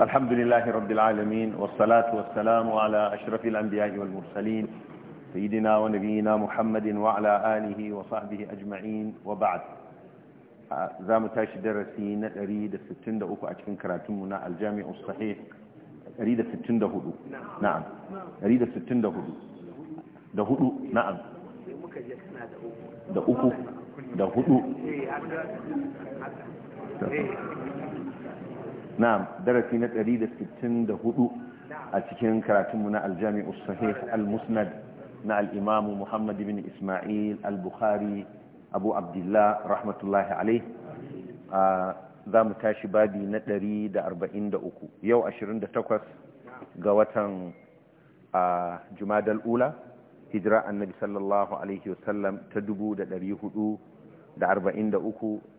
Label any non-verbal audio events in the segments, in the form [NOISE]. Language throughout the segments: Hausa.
الحمد لله رب العالمين والصلاة والسلام على أشرف الأنبياء والمرسلين سيدنا ونبينا محمد وعلى آله وصحبه أجمعين وبعد آه، زام تاش درسين أريد ستندا أكو أتكن كراتمنا الجامع الصحيح أريد ستندا هدو نعم أريد ستندا هدو ده هدو نعم ده أكو ده هدو na'am darasi na 164 a cikin karatunmu na aljami'u sahih al-musnad na al-imamu muhammad ibn isma'il al-bukhari abu abdullah rahmatullahi alaih za mu tashi babi na 143 yau 28 ga watan jumadal ula hijira annabi sallallahu alaihi wasallam ta 443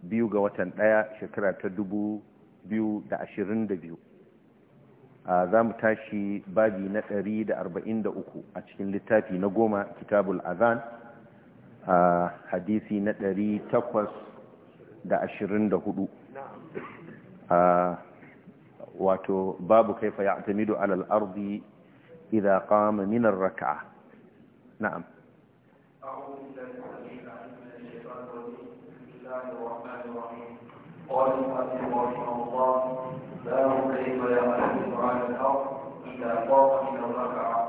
biyu ga watan ɗaya shekara ta dubu. biyu za mu tashi babi na ɗari da arba'in da uku a cikin littafi na goma kitabul azan a hadisi na ɗari takwas da ashirin da hudu wato babu kaifa ya tamido alal arzi idha qama min ar-rak'a na'am a'udhu billahi minash shaitanir rajim bismillahir rahmanir rahim قال المؤلف رحمه الله باب كيف يعتمد على الارض اذا طاف من الركعه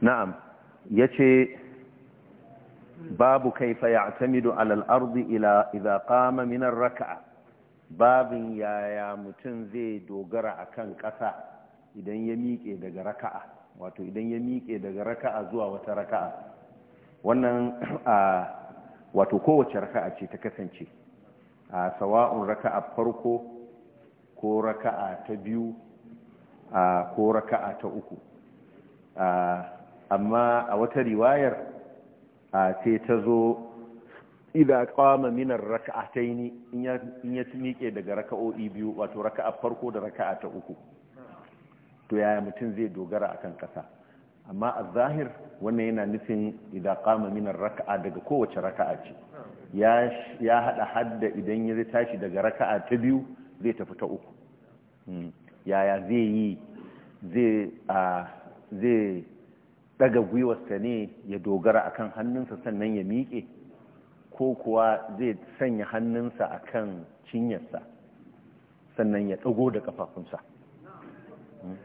نعم yace babu kaifa ya'tamidu ala al-ardi ila idza qama min ar-rak'a babin yaya mutum zai dogara a kan ƙasa idan ya miƙe daga raka'a wato idan ya miƙe daga raka'a zuwa wata raka'a wannan ah, wato kowace raka'a ce ta kasance a sawa'un raka'a farko ko raka'a ta biyu ko raka'a ta uku amma a wata riwayar sai ta zo idza qama ta yi ni, in ya miƙe daga raka'o'i biyu wato raka'a farko da raka'a ta uku to yaya mutum zai dogara a kan kasa amma a zahir wannan yana nufin idan kama minar raka'a daga kowace raka'a ce ya hada hadda idan ya zai tashi daga raka'a ta biyu zai tafi ta uku hmm. yaya zai yi zai daga gwiwarsa ne ya dogara akan hannunsa sannan ya miƙe ko kuwa zai sanya hannunsa akan cinyarsa sannan ya ɗago da kafafunsa hmm.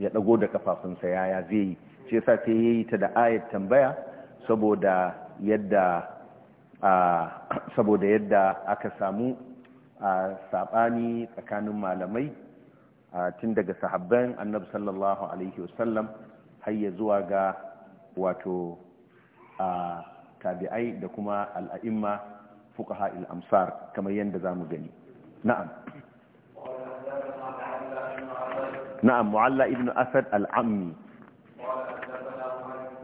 ya dago da kafafunsa yaya zai yi shi yasa sai yi ta da ayat tambaya saboda yadda saboda yadda aka samu sabani tsakanin malamai tun daga sahabban annabi sallallahu alaihi wasallam har ya zuwa ga wato tabi'ai da kuma al'a'imma fuqaha al-amsar kamar yadda zamu gani na'am na'am mu'alla ibnu asad al-ammi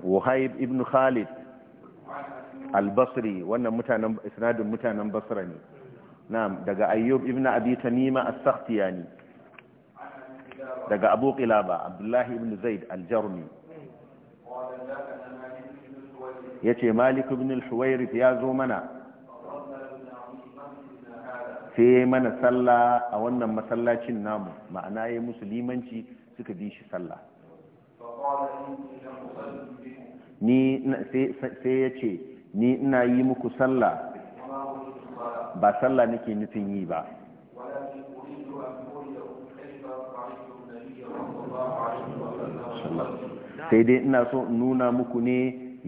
Wuhaib ibn Khalid al-Basri wannan mutanen isnadin mutanen Basra ne na'am daga Ayyub ibn Abi Tamima as-Sakhtiyani daga Abu Qilaba Abdullahi ibn Zaid al-Jarmi yace Malik ibn al-Huwairith ya zo mana sai mana sallah a wannan masallacin namu ma'ana ya musulmanci suka bi shi sallah ni sai ya ce ni ina yi muku sallah ba sallah nake nufin yi ba sai dai ina so nuna muku ne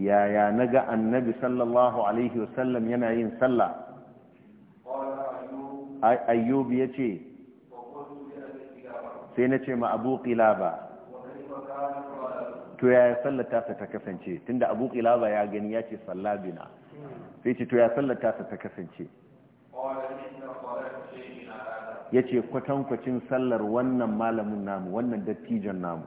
yaya na ga annabi sallallahu alaihi wasallam yana yin sallah ayyubi ya ce sai na ce ma abu ba. to ya sallata ta ta kasance tunda abu qilaba ya gani ya ce sallabina sai ce to ya sallata ta ta kasance ya ce kwatankwacin sallar wannan malamin namu wannan dattijon namu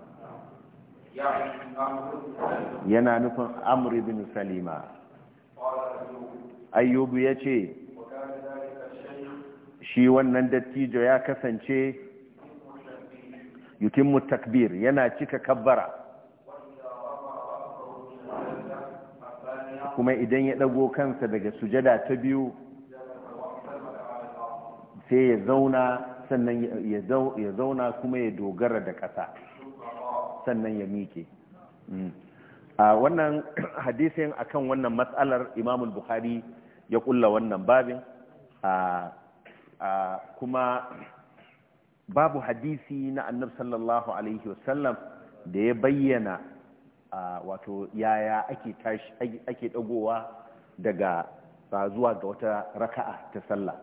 yana nufin amr ibn salima ayyubu ya ce shi wannan dattijo ya kasance yukin takbir yana cika kabbara kuma idan ya ɗago kansa daga sujada ta biyu sai ya zauna sannan ya zauna kuma ya dogara da ƙasa sannan ya miƙe mm. a wannan [CLEARS THROAT] hadisin akan wannan matsalar imamul buhari ya kulla wannan babin kuma babu hadisi na annab sallallahu alaihi wasallam da ya bayyana wato yaya ake tashi ake dagowa daga zuwa ga wata raka'a ta sallah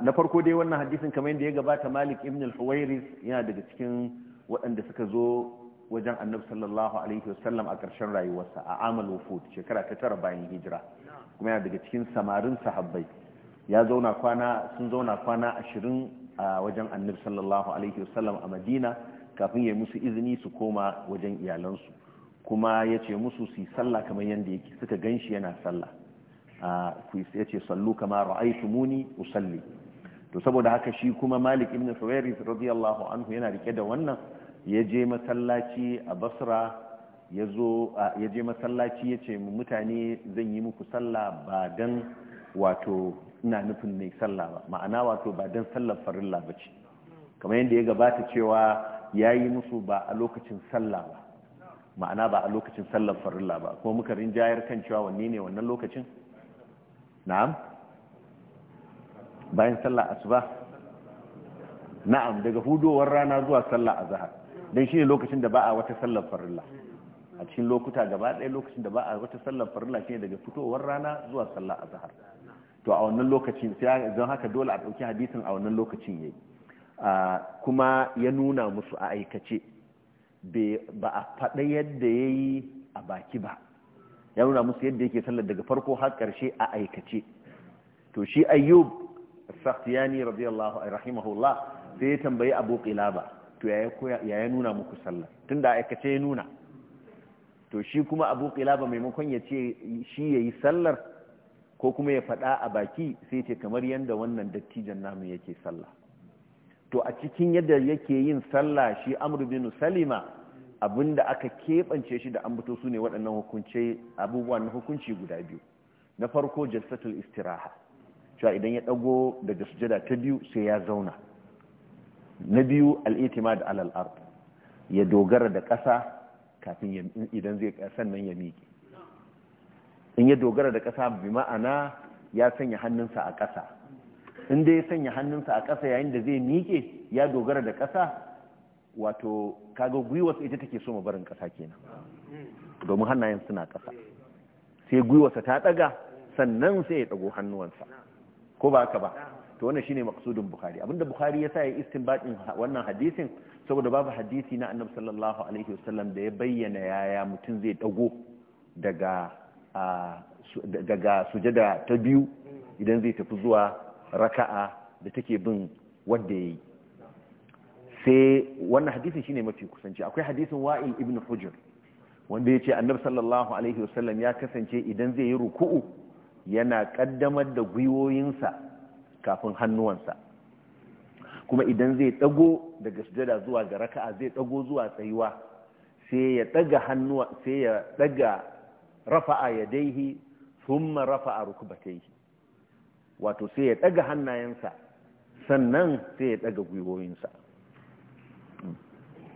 na farko dai wannan hadisin kamar yadda ya gabata Malik ibn al-Huwairis yana daga cikin waɗanda suka zo wajen annabi sallallahu alaihi wasallam a karshen rayuwarsa a amal wufud shekara ta tara bayan hijira kuma yana daga cikin samarin sahabbai ya zauna kwana sun zauna kwana ashirin a wajen annabi sallallahu alaihi wasallam a madina kafin ya musu izini su koma wajen iyalansu kuma ya ce musu su yi sallah kamar yadda yake suka gan shi yana sallah ya ce sallu kama ra'aitu muni usalli to saboda haka shi kuma malik ibn fawairis radiyallahu anhu yana rike da wannan ya je masallaci a basra ya je masallaci ya ce mutane zan yi muku sallah ba don wato ina nufin mai sallah ba ma'ana wato ba dan sallar farilla ba kamar yadda ya gabata cewa ya yi musu ba a lokacin sallah ba ma'ana ba a lokacin sallar farilla ba ko muka rinjayar kan cewa wanne ne wannan lokacin na'am bayan sallah asuba na'am daga hudowar rana zuwa sallah azhar dan shine lokacin da ba a wata sallar farilla a cikin lokuta gaba ɗaya lokacin da ba a wata sallar farilla shine daga fitowar rana zuwa sallah azhar to a wannan lokacin sai don haka dole a dauki hadisin a wannan lokacin yayi kuma ya nuna musu a aikace ba a faɗa yadda ya yi a baki ba ya nuna musu yadda yake sallar daga farko har ƙarshe a aikace to shi ayyub sakhtiyani radiyallahu rahimahullah sai ya tambayi abu qilaba to ya nuna muku sallar tun da aikace ya nuna to shi kuma abu qilaba maimakon ya ce shi yayi sallar ko kuma ya faɗa a baki sai ce kamar yadda wannan dattijan namu yake sallah to a cikin yadda yake yin sallah shi amru bin salima abinda aka keɓance shi da buto su ne waɗannan hukunce abubuwan na hukunci guda biyu na farko jalsatul istiraha cewa idan ya ɗago daga sujada ta biyu sai ya zauna na biyu al'itima da alal ard ya dogara da ƙasa kafin idan zai sannan ya miƙe in ya dogara da ƙasa bi ma'ana ya sanya hannunsa a ƙasa in dai ya sanya hannunsa a ƙasa yayin da zai miƙe ya dogara da ƙasa wato kaga gwiwarsa ita take so barin ƙasa kenan domin hannayen suna ƙasa sai gwiwarsa ta ɗaga sannan sai ya ɗago hannuwansa ko ba haka ba to wannan shine maqsudun bukhari abinda bukhari ya sa ya istinbatin wannan hadisin saboda babu hadisi na annabi sallallahu alaihi wasallam da ya bayyana yaya mutum zai ɗago daga daga sujada ta biyu idan zai tafi zuwa raka'a da take bin wanda yayi sai wannan hadisin shine mafi kusanci akwai hadisin Wa'il ibn Hujr wanda ya ce Annabi sallallahu alaihi wasallam ya kasance idan zai yi ruku'u yana kaddamar da gwiwoyinsa kafin hannuwansa kuma idan zai dago daga sujada zuwa ga raka'a zai dago zuwa tsayuwa sai ya daga hannuwa sai ya daga rafa'a yadaihi thumma rafa'a rukbatayhi wato sai ya ɗaga hannayensa sannan sai ya ɗaga gwiwoyinsa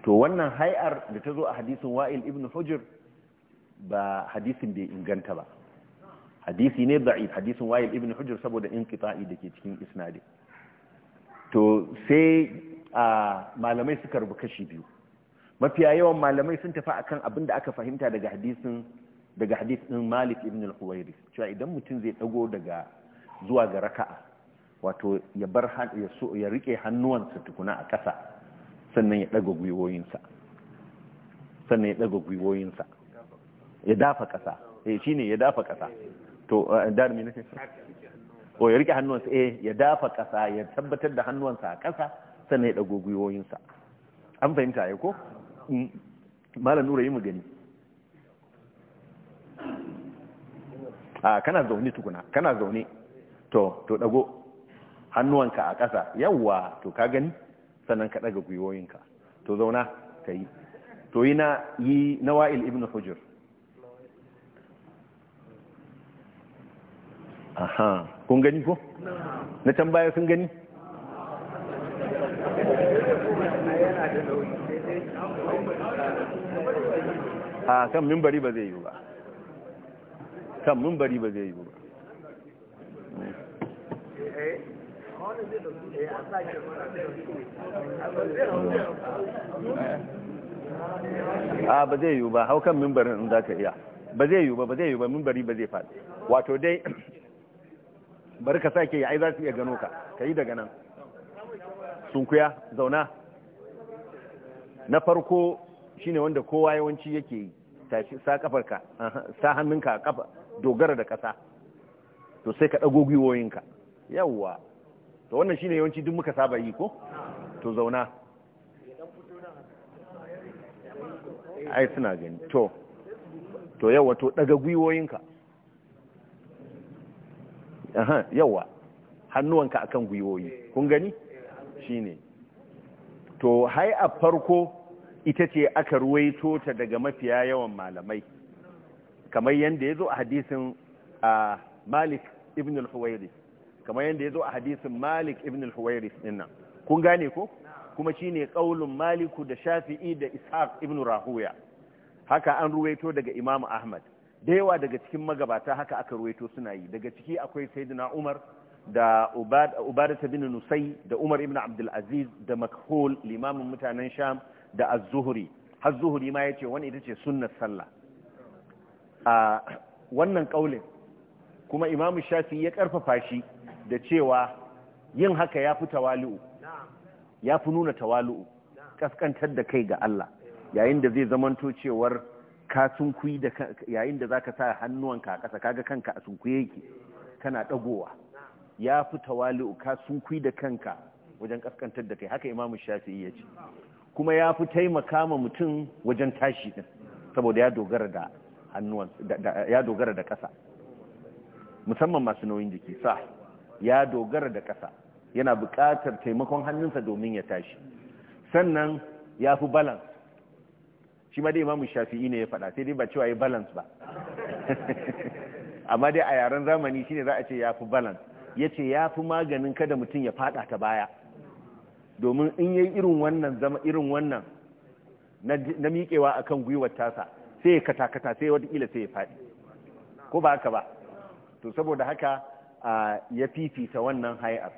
to wannan hai'ar da ta zo a hadisin wa'il ibn hujr ba hadisin bai inganta ba hadisi ne da'if hadisin wa'il ibn hujr saboda in inqita'i da ke cikin isnadi to sai malamai suka rubu kashi biyu mafiya yawan malamai sun tafi akan abin da aka fahimta daga hadisin daga hadisin Malik ibn al-Huwairi cewa idan mutum zai dago daga zuwa ga raka'a wato ya bar ya so ya rike hannuwansa tukuna a ƙasa sannan ya daga gwiwoyinsa sannan ya daga gwiwoyinsa ya dafa ƙasa eh shine ya dafa ƙasa to eh, me nake ko oh, ya rike hannuwansa eh ya dafa ƙasa ya tabbatar da hannuwansa a ƙasa sannan ya ɗaga gwiwoyinsa an fahimta ya ko mm. malam nura yi mu gani a ah, kana zaune tukuna kana zaune to to dago hannuwanka a ƙasa yawwa to ka gani sannan ka daga gwiwoyinka to zauna ka yi to yi na yi nawa'il ibn hujr aha kun gani ko na can baya sun gani a kan mimbari ba zai yi ba kan mimbari ba zai yi ba a ba zai yiwu ba hau kan mimbarin in za ka iya ba zai yiwu ba ba zai yiwu ba mimbari ba zai faɗi wato dai [CLEARS THROAT] bari ka sake yi ai za su iya gano ka ka yi daga nan sunkuya zauna na farko shine wanda kowa yawanci yake yi tashi sa kafarka sa hannunka a kafa dogara da ƙasa to sai ka ɗago gwiwoyinka yawwa to wannan shine yawanci duk muka saba yi ko to zauna ai suna gani to to yawwa to ɗaga gwiwoyinka aha yawwa hannuwanka akan gwiwoyi kun gani shine to hai a farko ita ce aka ruwaito ta daga mafiya yawan malamai kamar yadda ya zo a hadisin a malik ibn al-huwairis kamar yadda ya zo a hadisin malik ibn al-huwairis dinnan kun gane ko kuma shine ƙaunin maliku da shafi'i da ishaq ibn rahuya haka an ruwaito daga imam ahmad da yawa daga cikin magabata haka aka ruwaito suna yi daga ciki akwai sayyidina umar da ubadata bin nusai da umar ibn Abdulaziz da makhul limamin mutanen sham da az-zuhri har zuhri ma yace wani ita ce sunnar sallah a wannan kaulin kuma imamu shafi ya karfafa shi da cewa yin haka ya fi tawali'u ya fi nuna tawali'u kaskantar da kai ga Allah yayin da zai zamanto cewar ka sunkuyi da yayin da zaka sa hannuwanka a ƙasa kaga kanka a sunkuye yake kana dagowa ya fi tawali'u ka sunkuyi da kanka wajen kaskantar da kai haka imamu shafi ya ce kuma ya fi taimaka ma mutum wajen tashi din saboda ya dogara da ƙasa musamman masu nauyin jiki sa ya dogara da ƙasa yana buƙatar taimakon hannunsa domin ya tashi sannan ya fi balance shi ma dai mamu shafi'i ne ya faɗa sai dai ba cewa ya balance ba [LAUGHS] amma dai a yaren zamani shi ne za a ce ya fi balance ya ce ya fi maganin kada mutum ya faɗa ta baya domin in yi irin wannan zama irin wannan na miƙewa akan gwiwar tasa sai ya katakata sai watakila sai ya faɗi ko ba haka ba to saboda haka ya fifita wannan hay'ar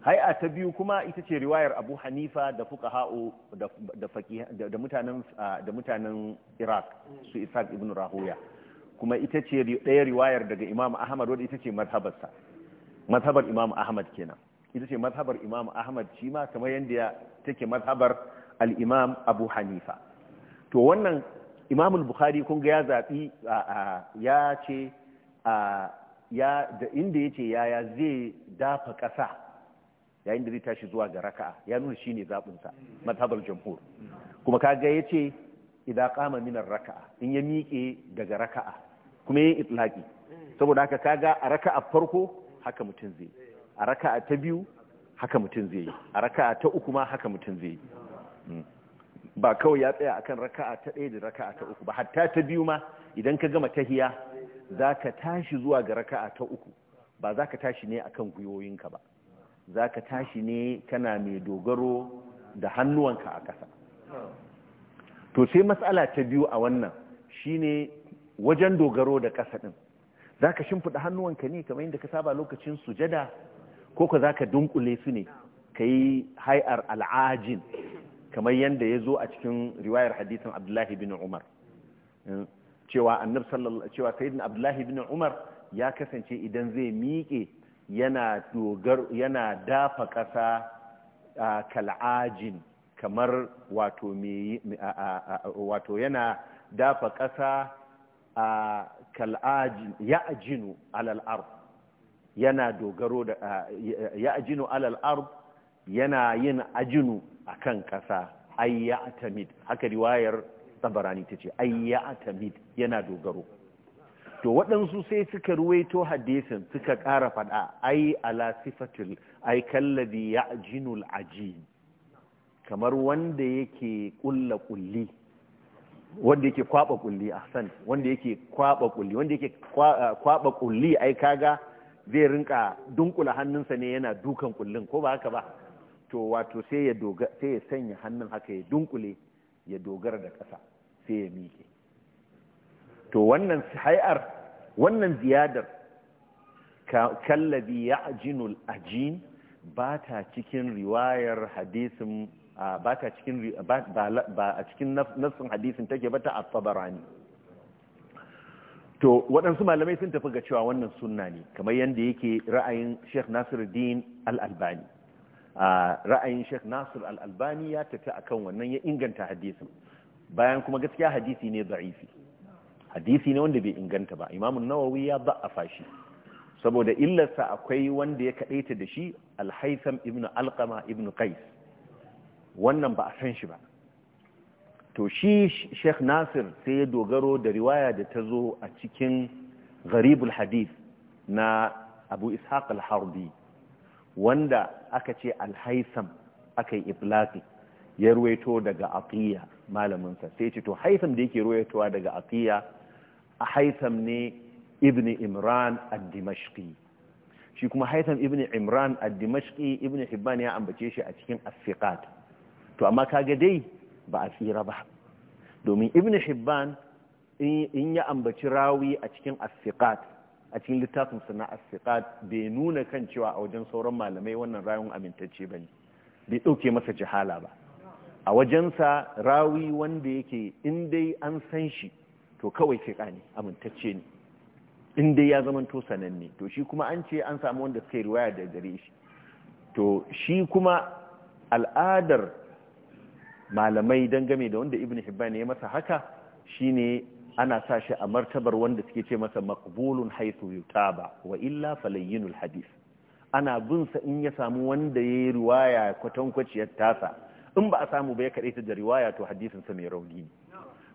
hay'a ta biyu kuma ita ce riwayar abu hanifa da fuka ha'o da mutanen iraq su isaac ibn rahoya kuma ita ce ɗaya riwayar daga imam ahmad wadda ita ce mazhabarsa mazhabar imam ahmad kenan ita ce mazhabar imam ahmad shi ma kamar yadda ya take mazhabar al'imam abu hanifa to wannan imamul al-bukhari kun ya zaɓi ya ce ya da inda yace yaya zai dafa ƙasa yayin da zai tashi zuwa ga raka'a ya nuna shine zabin sa matabar jamhur kuma ya ce, idan ƙama minar raka'a in ya miƙe daga raka'a kuma yin itlaƙi saboda haka ka ga, a raka'a farko haka mutun zai a raka'a ta biyu haka mutun zai yi a raka'a ta uku ma haka mutun zai yi hmm. ba kawai ya tsaya akan raka'a ta ɗaya da raka'a ta uku ba hatta ta biyu ma idan ka gama tahiya za ka tashi zuwa ga raka'a ta uku ba za ka tashi ne akan gwiwoyinka ba za ka tashi ne kana mai dogaro da hannuwanka a ƙasa to sai matsala ta biyu a wannan shine wajen dogaro da ƙasa ɗin za ka shimfiɗa hannuwanka ne kamar yadda ka saba lokacin sujada ko ka za ka dunkule su ne ka yi hai'ar al'ajin kamar yadda ya zo a cikin riwayar hadisin abdullahi bin umar cewa annab sallallahu cewa sayyidina abdullahi ibn umar ya kasance idan zai miƙe yana dogar yana dafa ƙasa kal'ajin kamar wato me wato yana dafa ƙasa kal'ajin ajinu alal ard yana dogaro da ajinu alal ard yana yin ajinu akan ƙasa ay ya'tamid haka riwayar tabarani ta ce ai ya atamid yana dogaro to waɗansu sai suka ruwaito hadisin suka ƙara faɗa ai ala sifatul ai kallabi ya ajinul ajin kamar wanda yake ƙulla ƙulli wanda yake kwaɓa ƙulli a san wanda yake kwaɓa ƙulli wanda yake kwaɓa ƙulli ai kaga zai rinka dunkula hannunsa ne yana dukan ƙullin ko ba haka ba to wato sai ya sanya hannun haka ya dunkule ya dogara da ƙasa sai ya miƙe to wannan hayar wannan ziyadar kallabi ya ajinul ajin ba ta cikin riwayar hadisin ba ta cikin ba a cikin nassin hadisin take ba ta at-tabarani to waɗansu malamai sun tafi ga cewa wannan sunna ne kamar yadda yake ra'ayin Sheikh Nasiruddin Al-Albani ra'ayin Sheikh Nasir Al-Albani ya tafi akan wannan ya inganta hadisin bayan kuma gaskiya hadisi ne da'ifi hadisi ne wanda bai inganta ba Imam Nawawi ya ba'afa shi saboda illarsa akwai wanda ya kadaita da shi Al-Haytham ibn Alqama ibn Qais wannan ba a san shi ba to shi Sheikh Nasir sai ya dogaro da riwaya da ta zo a cikin Gharibul Hadith na Abu Ishaq Al-Harbi wanda aka ce alhaisam aka yi iflaki ya ruwaito daga aqiya malaminsa sai ce to haisam da yake ruwaitowa daga aqiya a haisam ne ibn imran ad-dimashqi shi kuma haisam ibn imran ad-dimashqi ibn hibban ya ambace shi a cikin as to amma kaga dai ba a tsira ba domin ibn hibban in ya ambaci rawi a cikin asfiqat a cikin littafin na asiqat bai nuna kan cewa a wajen sauran malamai wannan rayun amintacce ba ne bai ɗauke masa jihala ba a wajensa rawi wanda yake in dai an san shi to kawai fiqa ne amintacce ne in ya zama to sananne to shi kuma an ce an samu wanda suka yi riwaya da gare shi to shi kuma al'adar malamai game da wanda ibn hibban ya masa haka shine ana sa shi a martabar wanda suke ce masa maqbulun haythu yutaba wa illa falayyinul hadith ana bin sa in ya samu wanda yayi riwaya kwaciyar tasa in ba a samu ba ya kade ta da riwaya to hadisin sa mai rauni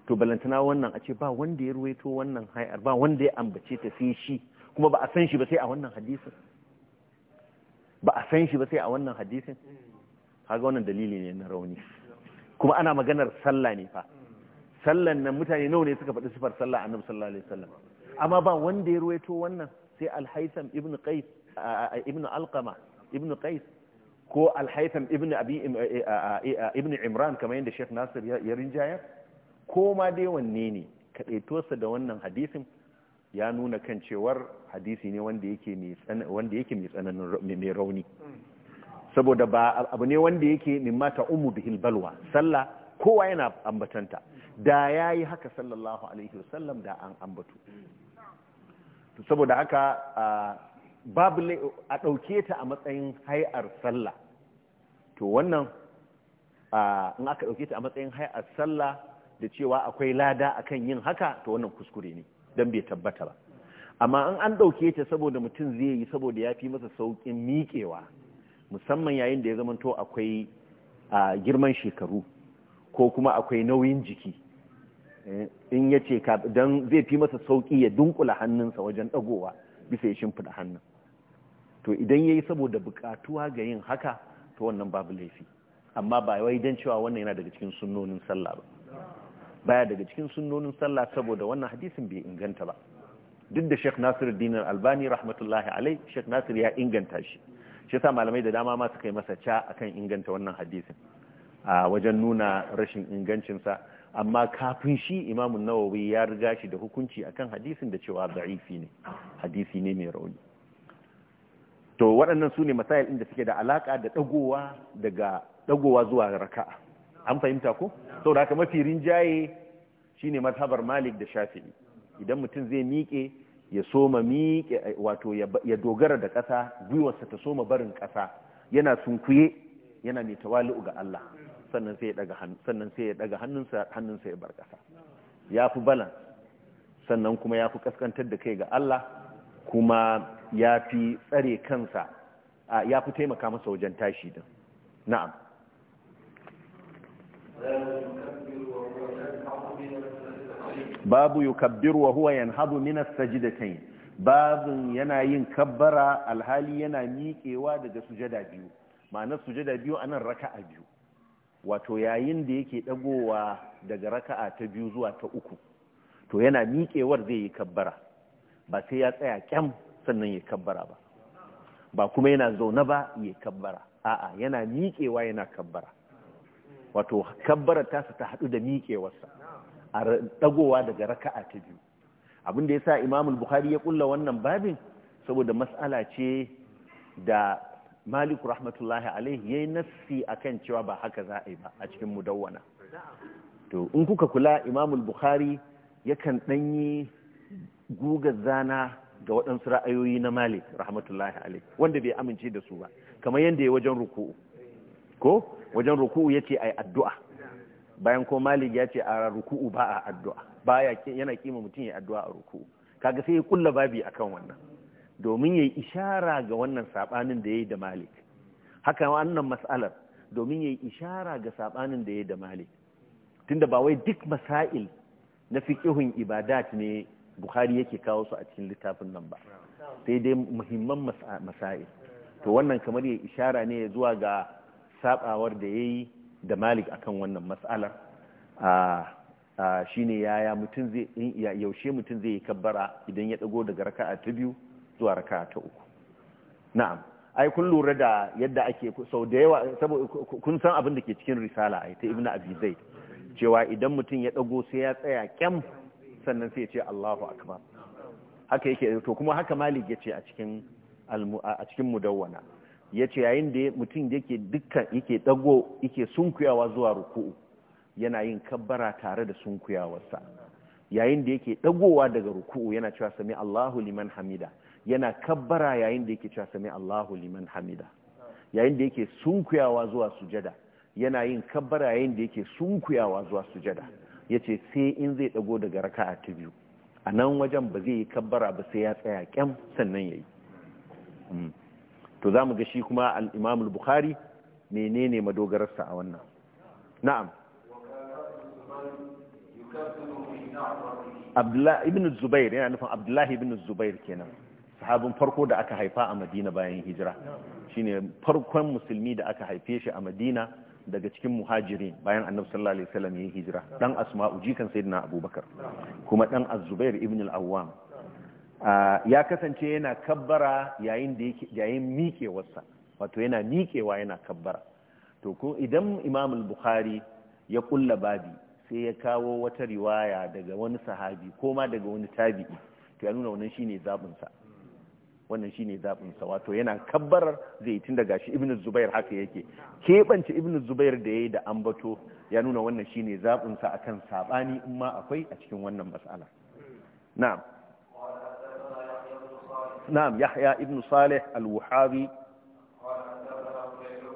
to balantana wannan a ce ba wanda ya ruwaito wannan hayar ba wanda ya ambace ta sai shi kuma ba a san shi ba sai a wannan hadisin ba a san shi ba sai a wannan hadisin kaga wannan dalili ne na rauni kuma ana maganar sallah ne fa sallan nan mutane nawa ne suka faɗi sifar sallah annabi sallallahu alaihi wasallam amma ba wanda ya ruwaito wannan sai al-haytham ibn qais ibn alqama ibn qais ko al-haytham ibn abi ibn imran kamar yadda Sheikh Nasir ya rinjaya ko ma dai wanne ne kadaitosa da wannan hadisin ya nuna kan cewar hadisi ne wanda yake mai tsananin mai rauni saboda ba abu ne wanda yake mimma ta umu bihil balwa sallah kowa yana ambatanta da ya yi haka sallallahu alaihi wasallam da an ambatu saboda haka babu a ɗauke ta a matsayin hai'ar sallah to wannan in aka ɗauke ta a matsayin hai'ar sallah da cewa akwai lada akan yin haka to wannan kuskure ne don bai tabbata ba amma in an ɗauke ta saboda mutum zai yi saboda ya fi masa sauƙin miƙewa musamman yayin da ya zamanto akwai girman shekaru ko kuma akwai nauyin jiki in ya ce don zai fi masa sauƙi ya dunkula hannunsa wajen ɗagowa bisa ya shimfida hannun to idan ya yi saboda buƙatuwa ga yin haka to wannan babu laifi amma ba wai don cewa wannan yana daga cikin sunnonin sallah ba baya daga cikin sunnonin sallah saboda wannan hadisin bai inganta ba duk da Sheikh Nasir Dinar Albani rahmatullahi alai shek Nasir ya inganta shi shi sa malamai da dama ma kai masa ca akan inganta wannan hadisin a wajen nuna rashin ingancinsa amma kafin shi imamun nawawi ya riga shi da hukunci akan hadisin da cewa da'ifi ne hadisi ne mai rauni to waɗannan su ne ɗin inda suke da alaƙa da ɗagowa daga ɗagowa zuwa raka'a an fahimta ko sau da haka mafi rinjaye shine mazhabar malik da shafi'i idan mutum zai miƙe ya soma miƙe wato ya dogara da ƙasa gwiwarsa ta soma barin ƙasa yana sunkuye yana mai tawali'u ga Allah sannan sai ya daga hannu sannan sai ya daga hannunsa hannunsa ya barkasa ya fi balan sannan kuma ya fi kaskantar da kai ga Allah kuma ya fi tsare kansa ya fi taimaka masa wajen tashi din na'am babu yukabbiru wa huwa yanhadu min as-sajdatayn babun yana yin kabbara alhali yana miƙewa daga sujada biyu ma'ana sujada biyu anan raka'a biyu wato yayin da yake dagowa daga raka'a ta biyu zuwa ta uku to yana miƙewar zai yi kabbara ba sai ya tsaya kyam sannan ya kabbara ba ba kuma yana zaune ba ya kabbara a'a yana miƙewa yana kabbara wato kabbarar tasa ta haɗu da miƙewarsa a dagowa daga raka'a ta biyu abinda ya sa imamul Buhari ya ƙulla wannan babin saboda mas'ala ce da malik rahmatullahi alaihi yayi nassi akan cewa ba haka za a yi ba a cikin mudawwana to in kuka kula imamul bukhari yakan danyi guga zana ga waɗansu ra'ayoyi na malik rahmatullahi alaihi wanda bai amince da su ba kamar yadda ya wajen ruku'u ko wajen ruku'u ya ce a addu'a bayan ko malik ya ce a ruku'u ba a addu'a baya yana kima mutum ya addu'a a ruku'u kaga sai ya kulla babi akan wannan domin ya yi ishara ga wannan saɓanin da ya yi da malik haka wannan matsalar domin ya yi ishara ga saɓanin da ya yi da malik tunda ba wai duk masail na fiƙihun ibadat ne buhari yake kawo su a cikin littafin nan ba sai dai muhimman masail to wannan kamar ya ishara ne zuwa ga saɓawar da ya yi da malik akan wannan mas'alar shine yaya mutum zai yaushe mutum zai yi kabbara idan ya ɗago daga raka'a ta biyu zuwa raka ta uku na'am ai kun lura da yadda ake sau da yawa saboda kun san abin da ke cikin risala ai ta ibnu abi cewa idan mutum ya dago sai ya tsaya kyam sannan sai ya ce Allahu akbar haka yake to kuma haka malik yace a cikin a cikin mudawwana yace yayin da mutum yake dukkan yake dago yake sunkuyawa zuwa ruku'u yana yin kabbara tare da sunkuyawarsa yayin da yake dagowa daga ruku'u yana cewa sami Allahu liman hamida yana kabbara yayin da yake cewa sami Allahu liman hamida yayin da yake sunkuyawa zuwa sujada yana yin kabbara yayin da yake sunkuyawa zuwa sujada yace sai in zai dago daga raka'a ta biyu a nan wajen ba zai yi kabbara ba sai ya tsaya kyam sannan yayi mm. to zamu ga shi kuma al-Imam al-Bukhari menene madogararsa a wannan na'am Abdullahi ibn Zubair yana nufin Abdullahi ibn Zubair kenan sahabin farko da aka haifa a madina bayan hijira shine farkon musulmi da aka haife shi a madina daga cikin muhajirin bayan annabi sallallahu alaihi wasallam ya hijira dan asma'u jikan sayyidina abubakar kuma dan az-zubair ibn al-awwam ya kasance yana kabbara yayin da yayin miƙewarsa wato yana miƙewa yana kabbara to ko idan imam al-bukhari ya kulla babi sai ya kawo wata riwaya daga wani sahabi ko ma daga wani tabi'i to ya nuna wannan shine zabin sa wannan shi ne zaɓinsa wato yana kabbarar zai tun daga shi Ibn zubair haka yake kebance Ibn zubair da ya yi da ambato ya nuna wannan shine zabin sa akan saɓani in ma akwai a cikin wannan mas'ala na'am na'am yahya Ibn salih al-wuhabi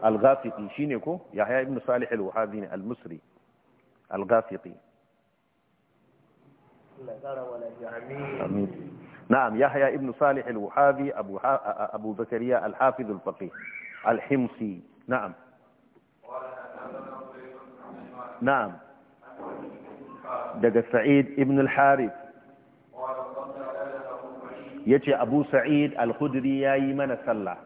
al-ghafiqi ne ko yahya Ibn salih al-wuhabi ne al musri al-ghafiqi Allah ya tsara wa lafiya amin نعم يحيى ابن صالح الوحافي أبو, أبو زكريا الحافظ الفقيه الحمصي نعم نعم دق سعيد ابن الحارث يتي أبو سعيد الخدري يا يمن سلا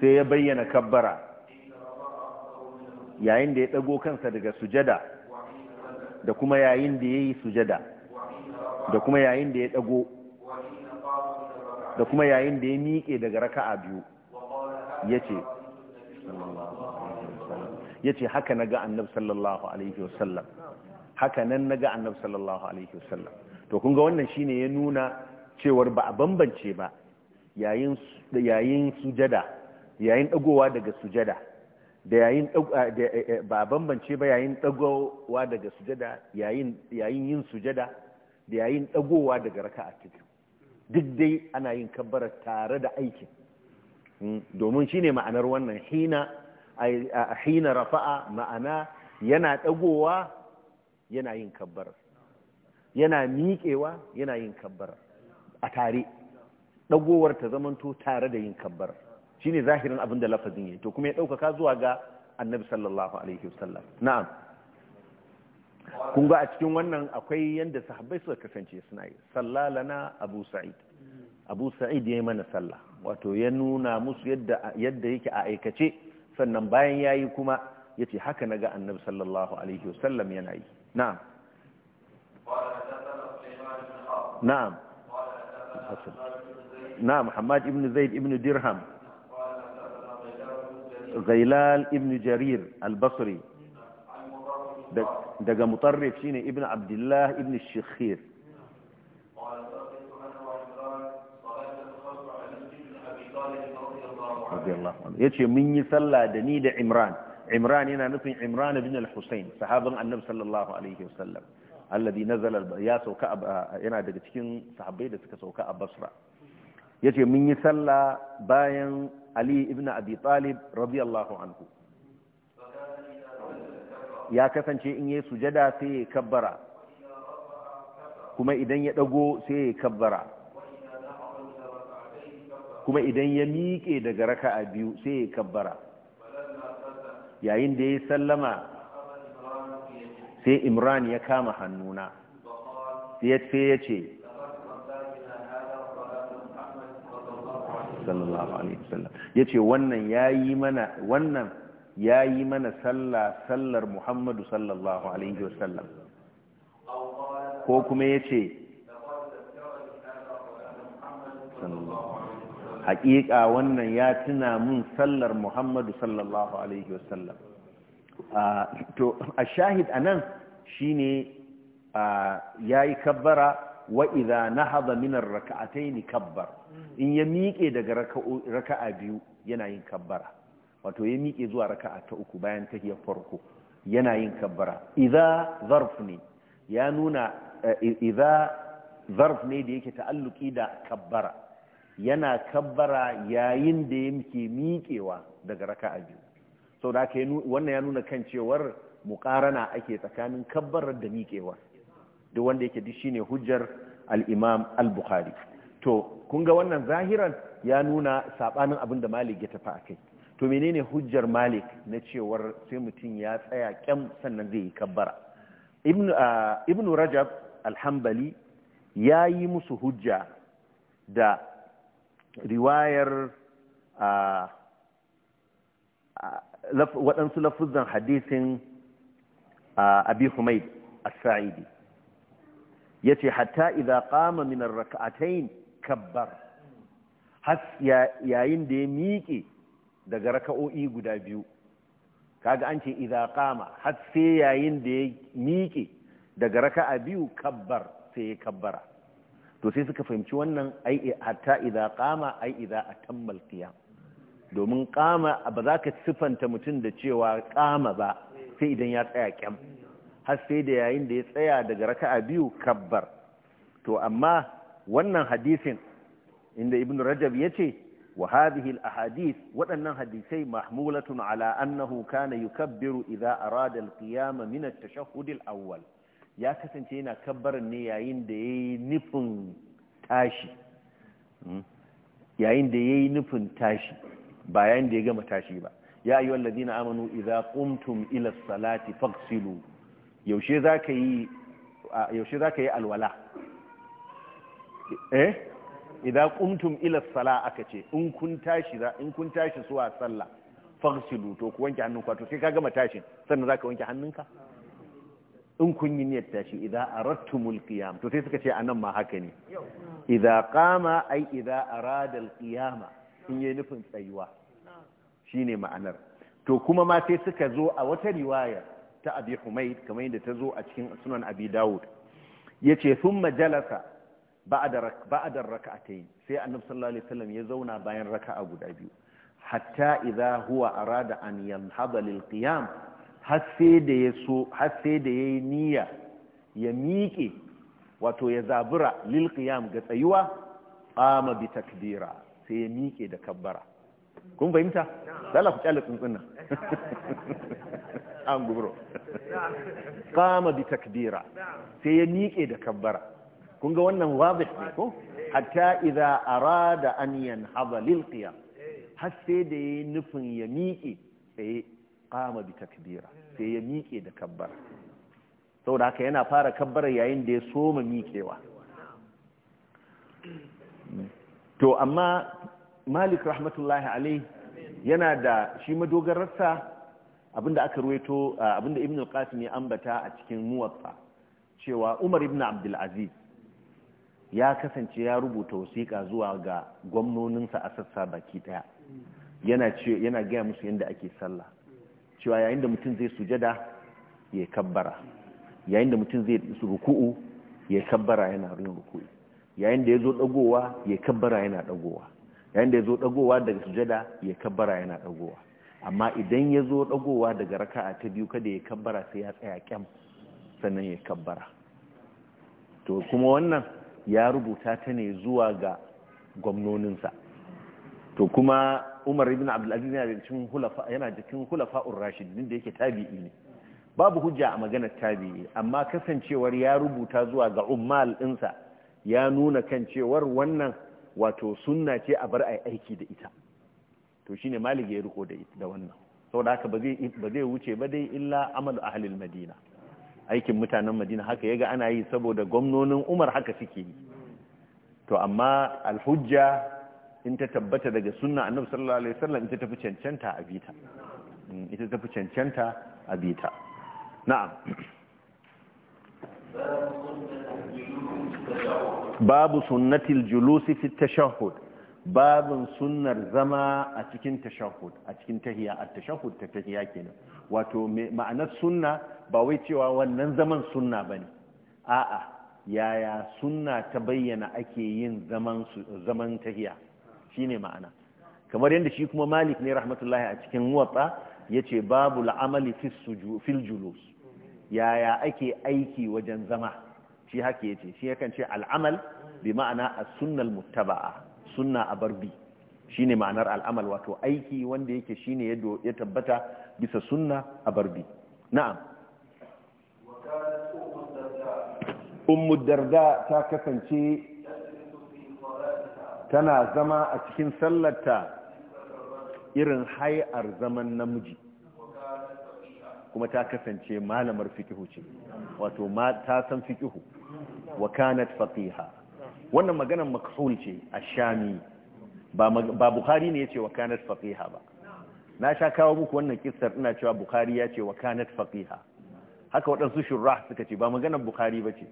سيبين كبرا يا عندي ya ɗago kansa سجدا sujada da kuma yayin سجدا da kuma yayin da ya dago da kuma yayin da ya miƙe daga raka'a biyu yace yace haka naga annabi sallallahu alaihi wasallam haka nan naga annabi sallallahu alaihi wasallam to kun ga wannan shine ya nuna cewar ba a bambance ba yayin yayin sujada yayin dagowa daga sujada da yayin eh, eh, ba a bambance ba yayin dagowa daga sujada yayin yayin yin sujada da yayin dagowa daga raka'a ta biyu duk dai ana yin kabbara tare da aikin hmm, domin shine ma'anar wannan hina a hina rafa'a ma'ana yana dagowa yana yin kabbara yana miƙewa yana yin kabbara a tare dagowar ta zamanto tare da yin kabbara shine zahirin abin da lafazin yi to kuma ya ɗaukaka zuwa ga annabi sallallahu alaihi wasallam na'am kun ga a cikin wannan akwai yadda sahabbai suka kasance suna yi Sallala na abu sa'id abu sa'id ya yi mana sallah wato ya nuna musu yadda yake a aikace sannan bayan ya yi kuma ya ce haka na ga annabi sallallahu alaihi wasallam yana yi na'am na'am na'am Muhammad ibn zaid ibn dirham غيلال ابن جرير البصري دقى مطرف شين ابن عبد الله ابن الشخير رضي الله عنه يتشي من يثلى دنيد عمران عمران هنا نطن عمران بن الحسين صحابة النبي صلى الله عليه وسلم الذي نزل البياس وكأب هنا دقتكين صحابي دسكس وكأب بصرة يتشي من يثلى باين علي ابن أبي طالب رضي الله عنه ya kasance in yayi sujada sai ya kabbara kuma idan ya dago sai ya kabbara kuma idan ya miƙe daga raka'a biyu sai ya kabbara yayin da ya sallama sai imran ya kama hannuna sai ya ce sallallahu alaihi wasallam yace wannan yayi mana wannan ya yi mana sallah sallar muhammadu sallallahu alaihi wasallam ko kuma ya ce haƙiƙa wannan ya tuna mun sallar muhammadu sallallahu alaihi wasallam to a shahid a nan shi ne ya yi kabbara wa na haɗa minar ar ni kabbar in ya miƙe daga raka'a biyu yana yin kabbara wato ya miƙe zuwa raka'a ta uku bayan tahiyar farko yana yin kabbara idza zarf ne ya nuna eh, idza zarf ne da yake ta'alluki da kabbara yana kabbara yayin da yake miƙewa daga raka'a biyu sau da aka wannan ya nuna kan cewar muƙarana ake tsakanin kabbara da miƙewa duk wanda yake duk shine hujjar al-imam al-bukhari to kun ga wannan zahiran ya nuna saɓanin abin da malik ya tafi a kai. to menene hujjar malik na cewar sai mutum ya tsaya kyam sannan zai yi kabbara ibnu rajab alhambali ya yi musu hujja da riwayar waɗansu lafuzan hadisin abi humaid as-sa'idi ya ce hatta idha qama min ar-rak'atayn kabbar has yayin da ya miƙe daga raka'o'i guda biyu kaga an ce idza qama har sai yayin da ya miƙe daga raka'a biyu kabbar sai ya kabbara to sai suka fahimci wannan ai hatta idza qama ai idza atamma al-qiyam domin qama ba za ka sifanta mutum da cewa qama ba sai idan ya tsaya kyam har sai da yayin da ya tsaya daga raka'a biyu kabbar to amma wannan hadisin inda ibnu rajab yace وهذه الأحاديث وأن حديثي محمولة على أنه كان يكبر إذا أراد القيام من التشهد الأول يا كسنتينا كبر النياين دي نفن تاشي yayin da ya hmm? yi nufin tashi ba yayin da ya gama tashi ba ya yi wallazi na amanu idza qumtum ila salati faqsilu yaushe za ka yi alwala eh idan kumtum ila sala aka ce in kun tashi za in kun tashi zuwa sallah fagsilu to ku wanke hannunka to sai ka gama tashin sannan zaka wanke hannunka in kun yi niyyar tashi idan aratumul qiyam to sai suka ce anan ma haka ne idan qama ai idan arada al qiyama in yi nufin tsayuwa shine ma'anar to kuma ma sai suka zo a wata riwaya ta abi humayd kamar yadda ta zo a cikin sunan abi daud yace thumma jalasa ba'da rak'atayn sai annabi sallallahu alaihi wasallam ya zauna bayan raka'a guda biyu hatta idza huwa arada an yanhada lil qiyam har sai da yaso har ya miƙe wato ya zabura lil qiyam ga tsayuwa qama bi takbira sai ya miƙe da kabbara kun fahimta dala ku kyale tsuntsunan an gubro qama bi takbira sai ya miƙe da kabbara kun ga wannan wabit ne ko hatta idza arada an yanhada lil qiyam har sai da yayi nufin ya miƙe sai qama bi takbira sai ya miƙe da kabbara saboda haka yana fara kabbara yayin da ya soma miƙewa to amma malik rahmatullahi alaihi yana da shi madogararsa abinda aka ruwaito abinda ibn al-qasim ya ambata a cikin muwatta cewa umar ibn abdul aziz ya kasance ya rubuta wasiƙa zuwa ga gwamnoninsa a sassa baki ɗaya yana gaya musu yadda ake sallah cewa yayin da mutum zai sujada ya kabbara yayin da mutum zai su ruku'u ya kabbara yana yin ruku'u yayin da ya zo ɗagowa ya kabbara yana ɗagowa yayin da ya zo ɗagowa daga sujada ya kabbara yana ɗagowa amma idan ya zo ɗagowa daga raka'a ta biyu kada ya kabbara sai ya tsaya kyam sannan ya kabbara to kuma wannan ya rubuta ta ne zuwa ga gwamnoninsa to kuma umar ibn abdulaziz yana cikin hulafa yana cikin hulafa'ur din da yake tabi'i ne babu hujja a maganar tabi'i amma kasancewar ya rubuta zuwa ga ummal ɗinsa ya nuna kan cewar wannan wato sunna ce a bar ai aiki da ita to shine Maliki ya riko da wannan saboda haka ba zai wuce ba dai illa amal ahlil madina aikin mutanen madina haka yaga ana yi saboda gwamnonin umar haka suke yi to amma alhujja in ta tabbata daga sunna annabi sallallahu alaihi wasallam ita tafi cancanta a bita mm, ita tafi cancanta a bita na'am babu sunnatil julusi fi tashahhud babu sunnar zama a cikin tashahhud a cikin tahiya at tashahhud ta tahiya kenan wato ma'anar sunna ba wai cewa wannan zaman sunna ba ne a'a yaya sunna ta bayyana ake yin zaman tahiya shi ne ma'ana kamar yadda shi kuma malik ne rahmatullahi a cikin watsa ya ce babu la'amali fil julus yaya ake aiki wajen zama shi haka ya ce shi yakan ce al'amal bi ma'ana a sunnal muttaba'a sunna a barbi shi ne ma'anar al'amal wato aiki wanda yake shi ne ya tabbata bisa sunna a barbi na'am ummu darda ta kasance tana zama a cikin sallarta irin hai'ar zaman namiji kuma ta kasance malamar fikihu ce wato ta san fikihu wa kanat faqiha wannan maganar makhul ce a shami ba bukhari ne yace wa kanat faqiha ba na sha kawo muku wannan kissar ina cewa bukhari ya ce wa kanat faqiha haka waɗansu shurrah suka ce ba maganar bukhari ba ce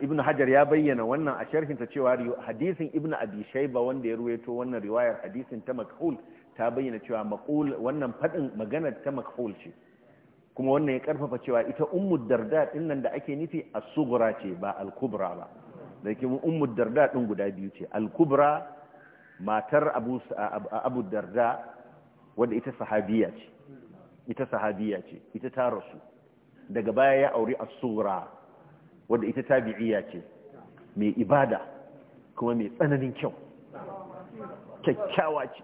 ibn hajar ya bayyana wannan a sharhinta cewa hadisin ibn abi shayba wanda ya ruwaito wannan riwayar hadisin ta makhul ta bayyana cewa makhul wannan fadin maganar ta makhul ce kuma wannan ya karfafa cewa ita ummu darda din nan da ake nufi as-sughra ce ba al-kubra ba da kuma ummu darda din guda biyu ce al-kubra matar abu abu darda wanda ita sahabiya ce ita sahabiya ce ita ta rasu daga baya ya auri as-sughra wadda ita tabi'iyya ce mai ibada kuma mai tsananin kyau kyakkyawa ce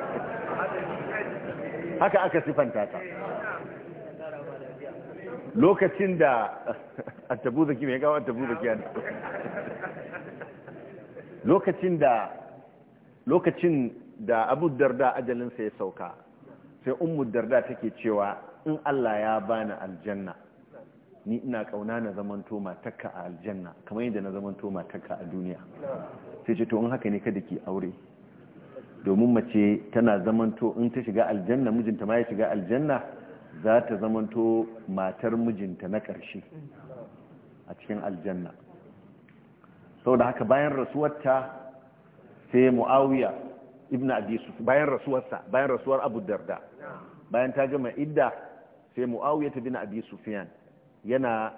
[LAUGHS] haka aka sifanta ta lokacin da attabu zaki mai gawa [LAUGHS] attabu zaki ya [LAUGHS] lokacin da lokacin da abu darda ajalinsa ya sauka sai ummu darda take cewa in Allah ya bani aljanna ni ina kauna na zamanto matakka a aljanna kamar yadda na zamanto matakka a duniya sai ce to in haka ne kada ki aure domin mace tana to in ta shiga aljanna mijinta ma ya shiga aljanna za ta to matar mijinta na ƙarshe a cikin aljanna saboda haka bayan rasuwarta sai muawiya ibn abi bayan rasuwarsa bayan rasuwar abu darda bayan ta gama idda sai muawiya ta bin abi sufyan yana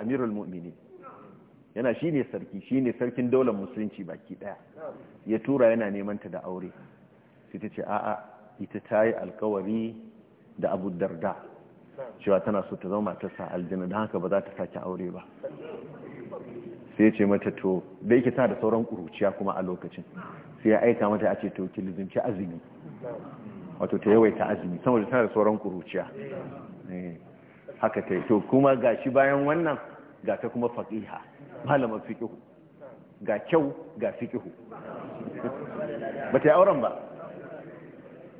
amirul mu'mini yana shi ne sarki shi ne sarkin daular musulunci baki daya ya tura yana neman ta da aure su ta ce a'a ita ta yi alkawari da abu darda cewa tana so ta zama sa aljanna don haka ba za ta sake aure ba sai ce mata to da yake tana da sauran kuruciya kuma a lokacin sai ya aika mata a ce to ki azumi wato ta yawaita azumi saboda tana da sauran kuruciya eh. haka ta to kuma ga shi bayan wannan ga ta kuma faƙiha malamar fiƙihu ga kyau ga fiƙihu ba ta yi auren ba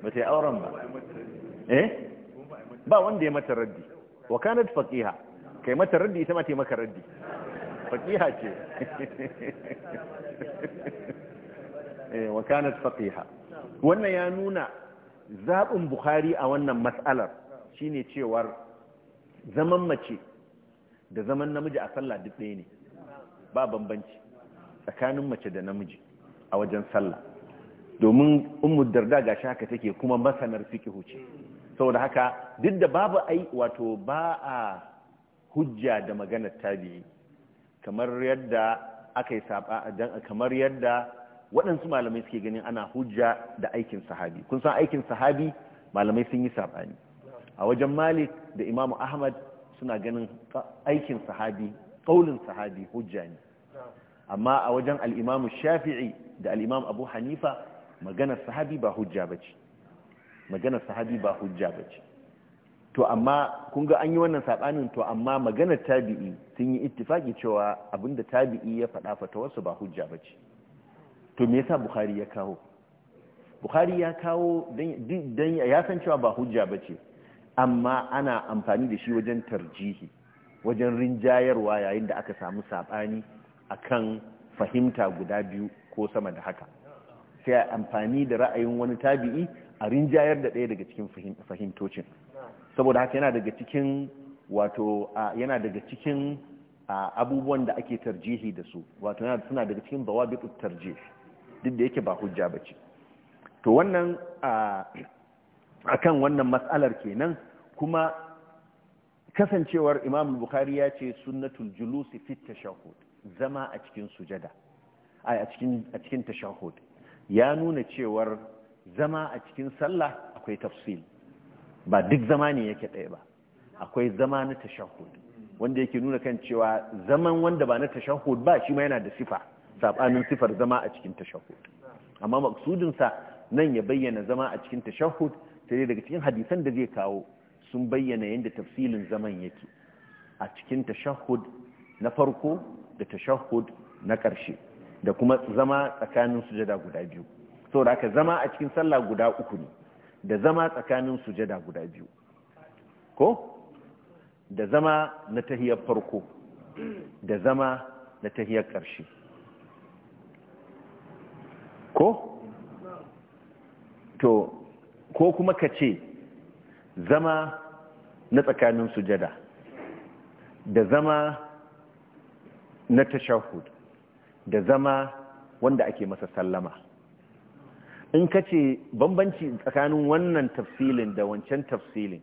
ba ta yi auren ba eh ba wanda ya mata raddi wa kanat ka kai mata raddi ita mata ta maka raddi faƙiha ce [LAUGHS] eh wa kanat faƙiha wannan ya nuna zaɓin bukhari a wannan mas'alar shine cewar zaman mace da zaman namiji a sallah duk ɗaya ne ba bambanci tsakanin mace da namiji a wajen sallah domin umar darda gashi haka take kuma masanar fiqhu ce saboda haka duk da babu ai wato ba a hujja da maganar tabi'i kamar yadda aka yi saba dan kamar yadda waɗansu malamai suke ganin ana hujja da aikin sahabi kun san aikin sahabi malamai sun yi saɓani a wajen malik da imamu ahmad suna ganin aikin sahabi ƙaunin sahabi hujja ne amma a wajen al'imamu shafi'i da al'imamu abu hanifa maganar sahabi ba hujja ba ce maganar sahabi ba hujja ba ce to amma kun ga an yi wannan saɓanin to amma maganar tabi'i sun yi ittifaki cewa abinda tabi'i ya faɗa wasu ba hujja ba ce to me yasa buhari ya kawo buhari ya kawo don ya san cewa ba hujja ba ce amma ana amfani da shi wajen tarjihi wajen rinjayarwa yayin da aka samu saɓani a kan fahimta guda biyu ko sama da haka sai amfani da ra'ayin wani tabi'i a rinjayar da ɗaya daga cikin fahimtocin saboda haka yana daga cikin wato yana daga cikin abubuwan da ake tarjihi da su wato yana suna daga cikin bawa bawabitul tarjihi duk da yake ba hujja ba ce to wannan akan wannan matsalar kenan kuma kasancewar imam bukhari ya ce sunnatul julusi fit tashahhud zama a cikin sujada a cikin a cikin tashahhud ya nuna cewar zama a cikin sallah akwai tafsil ba duk zama ne yake ɗaya ba akwai zama na tashahud. wanda yake nuna kan cewa zaman wanda ba na tashahud ba shi ma yana da sifa sabanin sifar zama a cikin tashahhud amma maksudinsa nan ya bayyana zama a cikin tashahud. sai daga cikin hadisan da zai kawo sun bayyana yadda tafsilin zaman yake a cikin tashahud na farko da tashahud na ƙarshe da kuma zama tsakanin sujada guda biyu saboda haka zama a cikin sallah guda uku ne da zama tsakanin sujada guda biyu ko da zama na tahiyar farko da zama na tahiyar ƙarshe ko to ko kuma ka ce zama na tsakanin sujada da zama na tashahud da zama wanda ake masa sallama in ka ce bambanci tsakanin wannan tafsilin da wancan tafsilin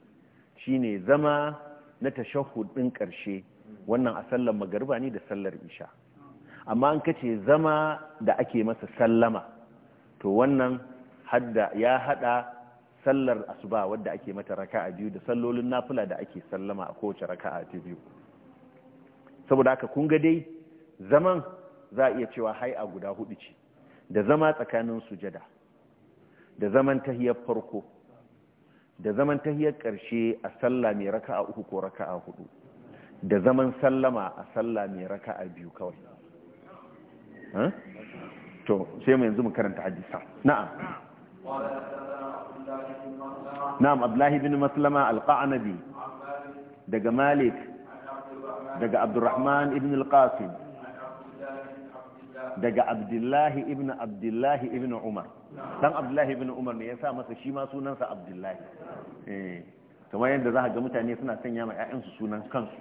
shine zama na tashahud ɗin ƙarshe wannan a sallar magarba ne da sallar isha amma an ce zama da ake masa sallama to wannan hadda ya hada sallar asuba wadda ake mata raka'a biyu da sallolin nafula da ake sallama a kowace raka'a ta biyu saboda haka kun ga dai zaman za a iya cewa hai a guda hudu ce da zama tsakanin sujada da zaman tahiyar farko da zaman tahiyar ƙarshe a sallah mai raka'a uku ko raka'a hudu da zaman sallama a sallah mai raka'a biyu kawai to sai mu yanzu mu karanta hadisa na'am نعم عبد الله بن مسلمة القعنبي abdullahi مالك maslama عبد الرحمن malik القاسم abdurrahman عبد الله daga عبد الله abdullahi عمر دان عبد الله ibn عمر ne yasa masa shi ma sunansa abdullahi eh kamar yanda za ga mutane suna sanya ma ƴaƴan su sunan kansu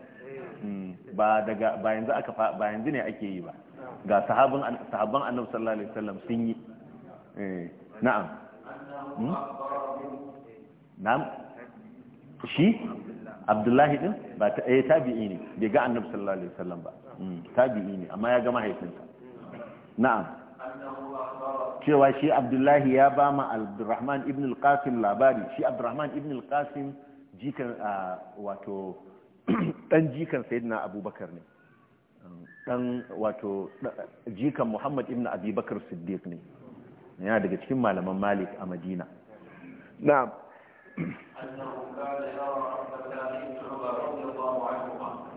hmm, ba daga ba yanzu aka ba yanzu ne ake yi ba ga sahabban sahabban annabi sallallahu alaihi wasallam sun yi eh na'am Hmm? na'am shi abdullahi din ba ta eh tabi'i ne bai ga annabi sallallahu alaihi wasallam ba hmm, tabi'i ne amma ya ga mahaifinsa na'am cewa shi abdullahi ya ba ma abdurrahman ibn al-qasim labari shi abdurrahman ibn al-qasim jikan ah, wato [CLEARS THROAT] dan jikan sayyidina abubakar ne dan wato jikan muhammad ibn abubakar siddiq ne yana daga cikin malaman malik a madina na'am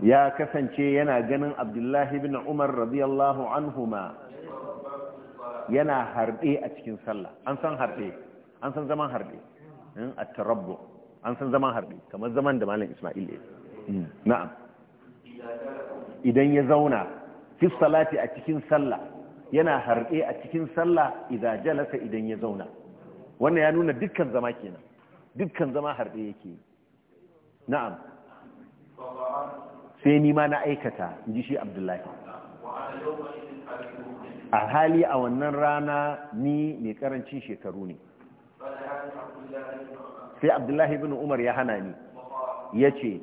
ya kasance yana ganin abdullahi bin umar radiyallahu anhuma yana harbe a cikin sallah an san harbe an san zaman harbe hmm, a tarabbo an san zaman harbe kamar zaman da malam ismail ya hmm, na'am idan ya zauna fi salati a cikin sallah yana harɗe a cikin sallah idan jalasa idan ya zauna wannan ya nuna dukkan zama kenan dukkan zama harbe yake na'am sai ni ma na aikata inji shi abdullahi a hali a wannan rana ni mai karancin shekaru ne sai abdullahi bin umar ya hana ni ya ce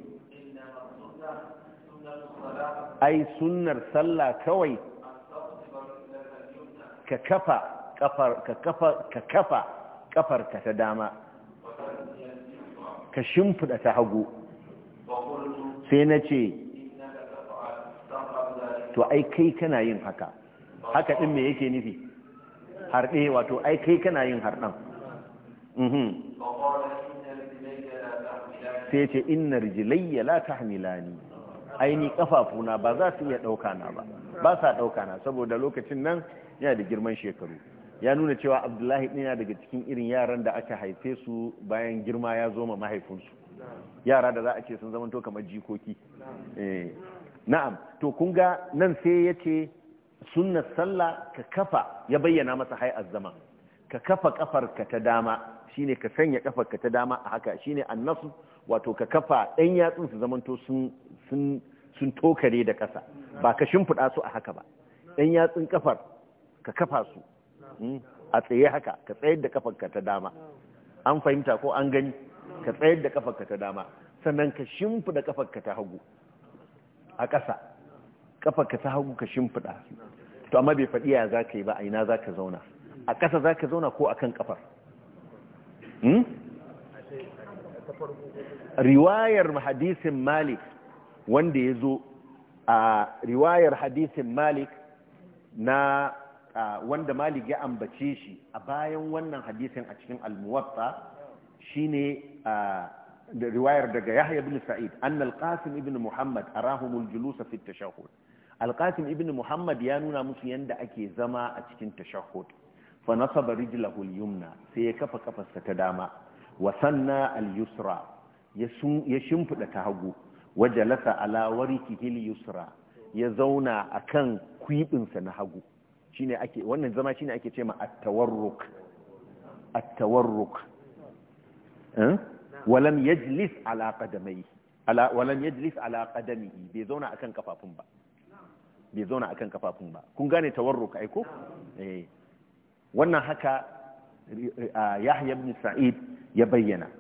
ai sunnar sallah kawai ka kafa kafar ka ta dama ka shimfida ta hagu sai na ce to ai kai kana yin haka haka din me yake nufi harɗe wato ai kai kana yin harɗan sai ce inar jilayya la tahmilani aini kafafuna ba za su iya ɗauka na ba ba sa ɗauka na saboda lokacin nan yana da girman shekaru ya nuna cewa abdullahi ɗin yana daga cikin irin yaran da aka haife su bayan girma ya zo ma mahaifinsu yara da za a ce sun zamanto kamar jikoki eh, na'am to kun ga nan sai ya ce sunnar sallah ka kafa ya bayyana masa hai'ar zama ka kafa kafarka ta dama shine ka sanya kafarka ta dama a haka shine annasu wato ka kafa ɗan yatsun su zamanto sun tokare da ƙasa ba ka shimfiɗa su a haka ba ɗan yatsun kafar ka kafa su hmm? a tsaye haka ka tsayar da kafanka ta dama an fahimta ko an gani ka tsayar da kafanka ta dama sannan ka da kafanka ta hagu a ƙasa kafanka ta hagu ka da to amma bai faɗi ya za ka yi ba a ina za ka zauna a ƙasa za ka zauna ko a kan ƙafar hmm? riwayar hadisin malik wanda ya zo a riwayar hadisin malik na wanda malik ya ambace shi a bayan wannan hadisin a cikin al-muwatta shine da riwayar daga Yahya ibn Sa'id anna al ibn Muhammad arahumul julusa fi at-tashahhud al-Qasim ibn Muhammad ya nuna musu yanda ake zama a cikin tashahhud fa nasaba rijlahu al-yumna sai ya kafa kafarsa ta dama wa sanna al-yusra ya shimfida ta hagu wajalasa ala warikihi al-yusra ya zauna akan kwibinsa na hagu shine ake wannan zama shine ake ce ma at-tawarruk at-tawarruk eh? walam yajlis ala qadamai ala walam yajlis ala qadamihi bai zauna akan kafafun ba bai zauna akan kafafun ba kun gane tawarruk ai ko eh wannan haka eh, ah, Yahya ibn Sa'id ya bayyana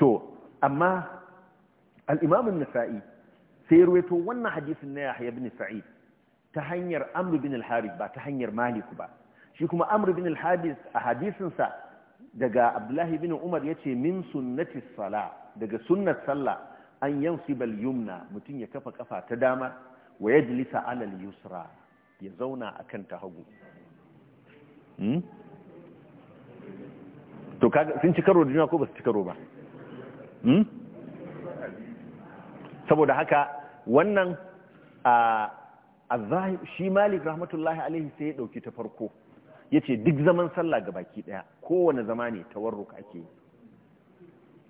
to amma al-Imam an-Nasa'i sai ruwaito wannan hadisin na Yahya ibn Sa'id ta hanyar amru bin al-harith ba ta hanyar malik ba shi kuma amru bin al-harith a hadisinsa daga abdullahi bin umar yace min sunnati sala daga sunnat sallah an yansibal yumna mutum ya kafa kafa ta dama wa yajlisa ala al-yusra ya zauna akan ta hagu hmm? to sun ci karo da juna ko ba su ci karo ba hmm? saboda haka wannan a shi malik rahmatullahi alaihi sai ya ɗauki ta farko yace duk zaman sallah ga baki ɗaya kowane zama ne tawarruk ake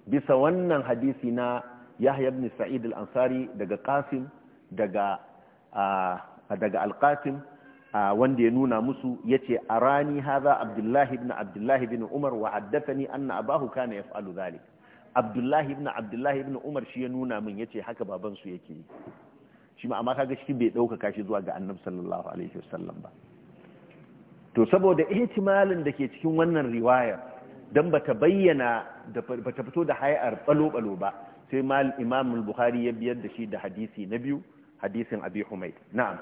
bisa wannan hadisi na yahya ibn sa'id al-ansari daga qasim daga daga al-qasim wanda ya nuna musu yace arani hadha abdullah ibn abdullah ibn umar wa addathani anna abahu kana yaf'alu dhalik abdullah ibn abdullah ibn umar shi ya nuna min yace haka baban su yake shi ma amma kaga shi bai dauka shi zuwa ga annabi sallallahu alaihi wasallam ba to saboda ihtimalin da ke cikin wannan riwayar dan bata bayyana da bata fito da hayar balo-balo ba sai mal imam al-bukhari ya biyar da shi da hadisi na biyu hadisin abi humayd na'am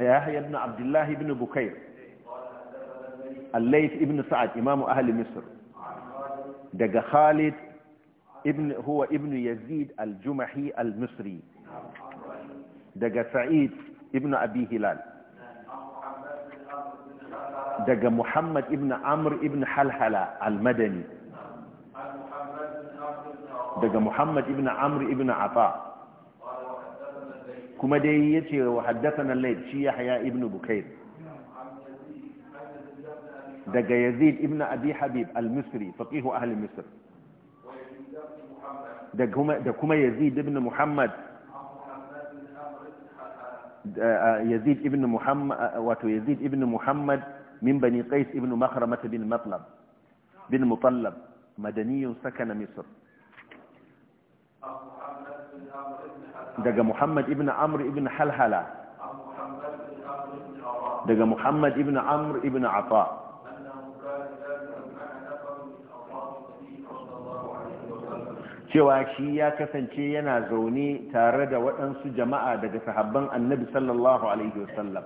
ya hayya ibn abdullah ibn bukair al-layth ibn sa'ad imam ahli misr daga khalid ابن هو ابن يزيد الجمحي المصري دقى سعيد ابن أبي هلال دقى محمد ابن عمرو ابن حلحلة المدني دقى محمد ابن عمرو ابن عطاء كما ديتي وحدثنا الليل شي يحيى ابن بكير دقى يزيد ابن أبي حبيب المصري فقيه أهل مصر ده كما يزيد ابن محمد آه، آه، يزيد ابن محمد آه، واتو يزيد ابن محمد من بني قيس ابن مخرمة بن مطلب بن مطلب مدني سكن مصر دقى محمد ابن عمرو ابن حلحلة دقى محمد ابن عمرو ابن عطاء cewa shi ya kasance yana zaune tare da waɗansu jama'a daga sahabban annabi sallallahu alaihi wasallam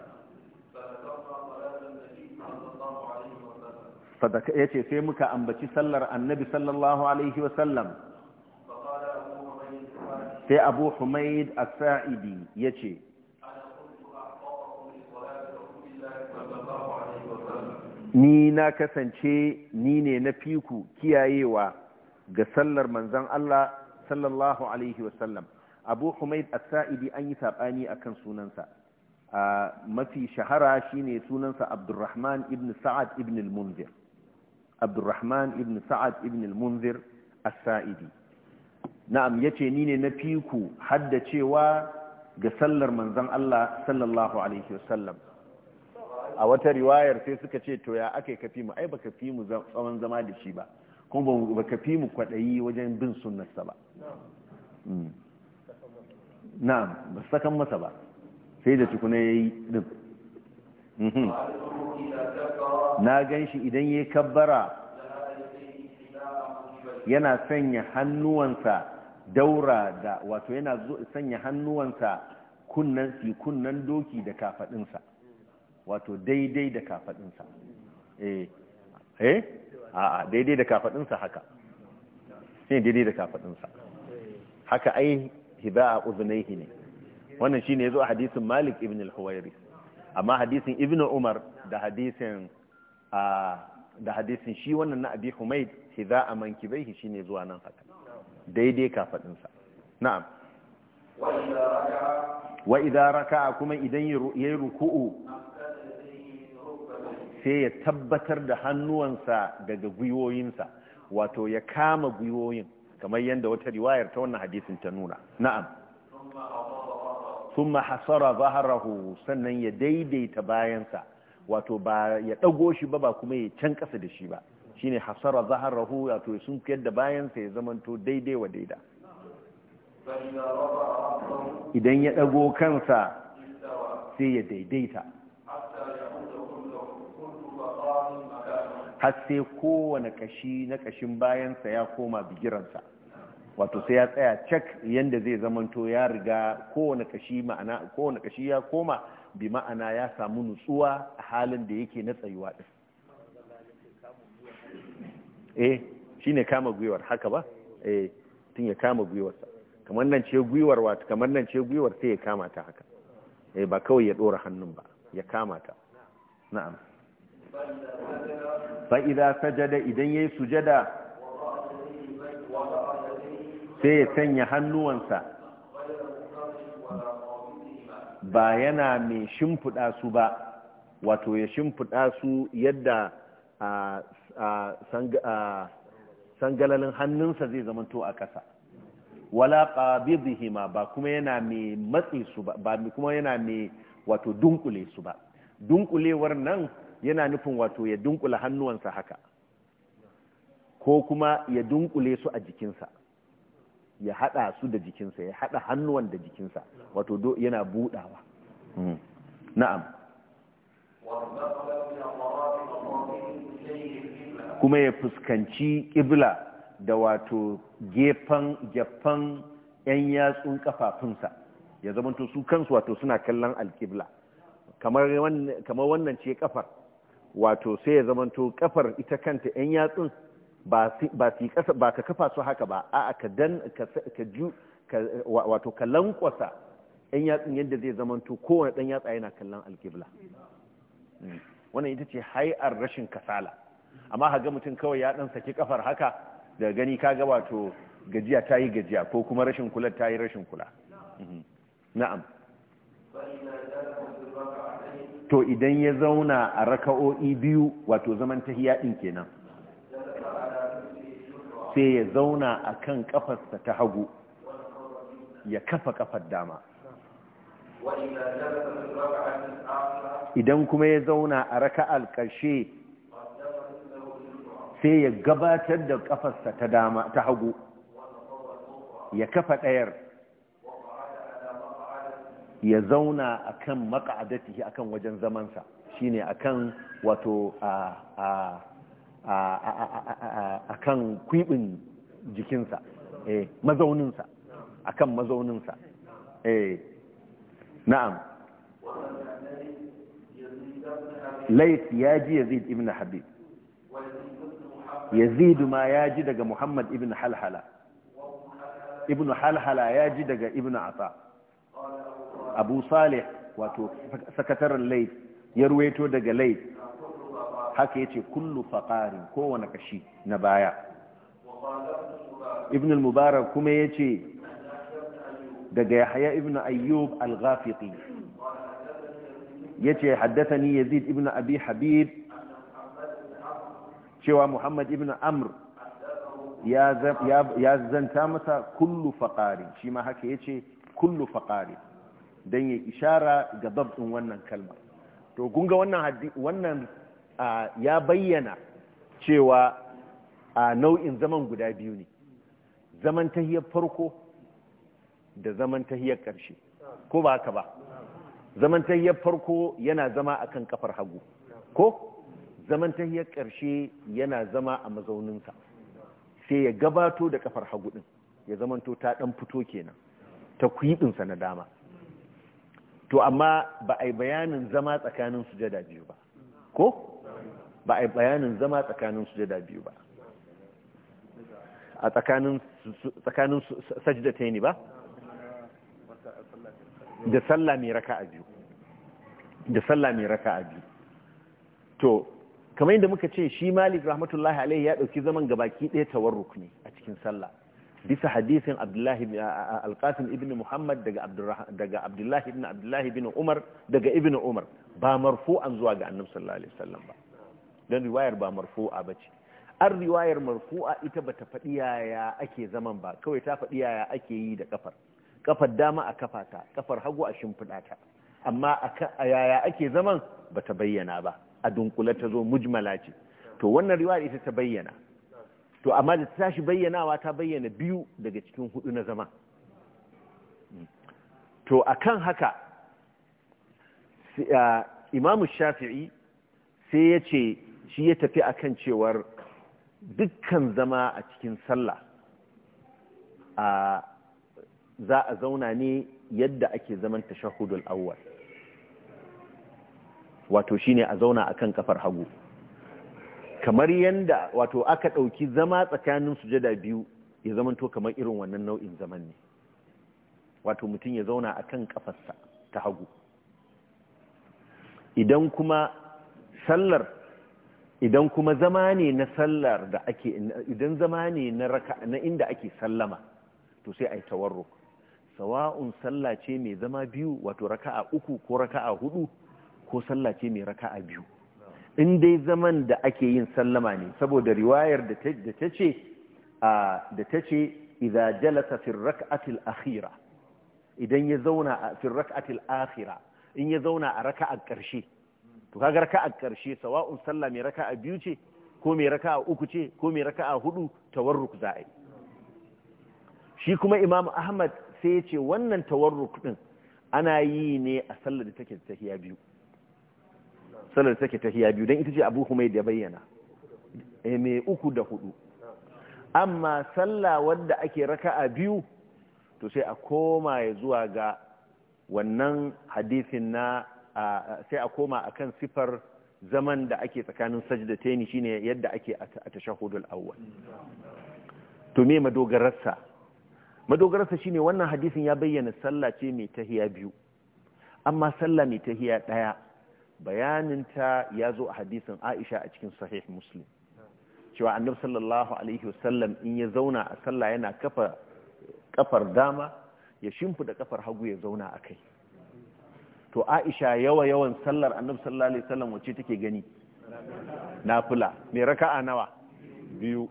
sadaka ya ce sai muka ambaci sallar annabi sallallahu alaihi wasallam sai abu humaid a saidi ya ce ni na kasance ni ne na fiku kiyayewa ga sallar manzan Allah sallallahu alaihi wasallam abu humaid as-sa'idi an yi saɓani a kan sunansa mafi shahara shine sunansa abdurrahman ibn sa'ad ibn al-munzir abdurrahman ibn sa'ad ibn al-munzir as-sa'idi na'am yace ni ne na fiku cewa ga sallar manzan Allah sallallahu alaihi wasallam a wata riwayar sai suka ce to ya ake kafi mu ai baka fi mu tsawon zama da shi ba kuma ba ka fi mu kwaɗayi wajen bin sa ba mm. na ba sakan masa ba sai da tukuna ya yi ɗin mhm. na gan shi idan ya kabbara yana sanya hannuwansa daura da wato yana sanya hannuwansa kunnan fi kunnan doki da kafaɗinsa wato daidai da kafaɗinsa eh eh a'a daidai da kafadinsa haka shine daidai da kafadinsa haka ai hiba'a uzunaihi ne wannan shine yazo a hadisin Malik ibn al-Huwairi amma hadisin Ibn Umar da hadisin da hadisin shi wannan na Abi Humaid hiba'a shi ne zuwa nan haka daidai kafadinsa na'am wa idza raka'a kuma idan yayi ruku'u sai ya tabbatar da hannuwansa daga gwiwoyinsa wato ya kama gwiwoyin kamar yadda wata riwayar ta wannan hadisin ta nuna na'am summa hasara zahrahu sannan ya daidaita bayansa wato ba ya dago shi ba ba kuma ya can kasa da shi ba shine hasara zaharahu wato sun da bayansa ya zamanto daidai wa daida idan ya dago kansa sai ya daidaita har sai kowane kashi na kashin bayansa ya koma bigiransa wato sai ya tsaya cek yadda zai zamanto ya riga kowane kashi ma'ana kowane kashi ya koma bi ma'ana ya samu nutsuwa a halin da yake na tsayuwa ɗin eh ne kama gwiwar haka ba eh tun ya kama gwiwarsa kamar nan ce gwiwar wata kamar nan ce gwiwar sai ya kama ta haka eh ba kawai ya ɗora hannun ba ya kama ta na'am fa'iza sajada idan ya yi sujada sai ya sanya hannuwansa ba yana mai shimfiɗa su ba wato ya shimfiɗa su yadda sangalalin hannunsa zai zamanto a ƙasa wala ma ba kuma yana mai matsi su ba kuma yana mai wato dunkule su ba dunkulewar nan yana nufin wato ya dunkula hannuwansa haka ko kuma ya dunkule su a jikinsa ya hada su da jikinsa ya hada hannuwan da jikinsa wato do yana budawa hmm. na'am kuma ya fuskanci kibla da wato gefen gefen yan yatsun kafafunsa ya zamanto su kansu wato suna kallon alkibla kamar wannan ce kafar wato sai ya zamanto kafar ita kanta yan yatsun ba ka kafa su haka ba a ka dan ka ju wato ka lankwasa yan yatsun yadda zai zamanto kowane ɗan yatsa yana kallon alkibla hmm. wannan ita ce hai'ar rashin kasala amma haga mutum kawai ya ɗan saki kafar haka da gani kaga wato gajiya ta yi gajiya ko kuma rashin kula ta yi rashin kula hmm. na'am to idan ya zauna a raka'o'i biyu wato zaman tahiya din kenan sai ya zauna a kan ƙafarsa ta hagu ya kafa kafar dama idan kuma ya zauna a raka'ar ƙarshe sai ya gabatar da ƙafarsa ta ta hagu ya kafa ɗayar ya zauna a kan akan a kan wajen zamansa Shi ne a kan wato a kan kwibin jikinsa eh mazauninsa kan mazauninsa eh na'am lait ya ji yazid ibn habib yazid ma ya ji daga muhammad ibn halhala ibn halhala ya ji daga ibn asa abu salih wato sakataren laif ya ruwaito daga laif haka ce kullu faqarin kowane kashi na baya ibn al-mubarak kuma yace daga yahya ibn ayyub al-ghafiqi yace haddathani yazid ibn abi habib cewa muhammad ibn amr ya zanta masa kullu faqari shi ma haka yace kullu faqari don ya ishara ga babin wannan kalmar to gunga wannan wannan ya bayyana cewa a nau'in zaman guda biyu ne zaman tahiyar farko da zaman tahiyar ƙarshe ko ba haka ba zaman tahiyar farko yana zama akan ƙafar hagu ko zaman tahiyar ƙarshe yana zama a mazauninsa sai ya gabato da ƙafar hagu din ya zamanto ta ɗan fito kenan ta kuyibinsa na dama to amma ba a yi bayanin zama tsakanin sujada biyu ba ko ba a yi bayanin zama tsakanin sujada biyu ba a tsakanin sajdatai ne ba da sallah mai raka a biyu da sallah mai raka a biyu to kamar yadda muka ce shi malik rahmatullahi alaihi ya ɗauki zaman gabaki ɗaya tawarruk ne a cikin sallah bisa hadisin alƙasim ibn muhammad daga abdullahi ibn abdullahi ibn umar daga ibn umar ba marfu'an zuwa ga annabi sallallahu alaihi wasallam ba don riwayar ba marfu'a ba ce an riwayar marfu'a ita ba ta faɗi yaya ake zaman ba kawai ta faɗi yaya ake yi da kafar kafar dama a kafata kafar hagu a shimfiɗa ta amma a yaya ake zaman ba ta bayyana ba a dunkule ta zo mujmala ce to wannan riwayar ita ta bayyana to amma da ta tashi bayyanawa ta bayyana biyu daga cikin hudu na zama to akan haka uh, imamu shafi'i sai ya ce shi ya tafi a kan cewar dukkan zama a cikin sallah uh, za a zauna ne yadda ake zaman ta tashahudul awwal wato shine a zauna akan kafar hagu kamar yanda wato aka ɗauki zama tsakanin sujada biyu ya zamanto kamar irin wannan nau'in zaman ne wato mutum ya zauna a kan ƙafarsa ta hagu idan kuma sallar idan kuma zama ne na sallar da ake idan zama ne na inda ake sallama to sai a yi tawarruk sawa'un sallace mai zama biyu wato raka'a uku ko raka'a hudu ko sallace mai raka'a biyu in dai zaman da ake yin sallama ne saboda riwayar da ta ce da ta ce idza jalasa fi rak'atil akhira idan ya zauna a fi rak'atil akhira in ya zauna a raka'a ƙarshe to kaga raka'a karshe sawa'un sallah mai raka'a biyu ce ko mai raka'a uku ce ko mai raka'a hudu tawarruk za'i shi kuma imam ahmad sai ya ce wannan tawarruk din ana yi ne a sallar da take da tahiya biyu salar take tahiya biyu don ita ce abu kuma ya bayyana eh, mai uku da hudu amma sallah wadda ake a biyu to sai a koma ya zuwa ga wannan hadisin na sai a koma a kan sifar zaman da ake tsakanin sajdatayni shine yadda ake a tashahudul awwal to me madogararsa madogararsa shine wannan hadisin ya bayyana sallah ce mai tahiya biyu amma sallah mai tahiya daya bayaninta ya zo a hadisin aisha a cikin sahih muslim cewa annabi sallallahu alaihi wasallam in ya zauna a sallah yana kafa kafar dama ya shimfida kafar hagu ya zauna a kai to aisha yawa yawan sallar annabi sallallahu alaihi wasallam wacce take gani nafila mai raka'a nawa biyu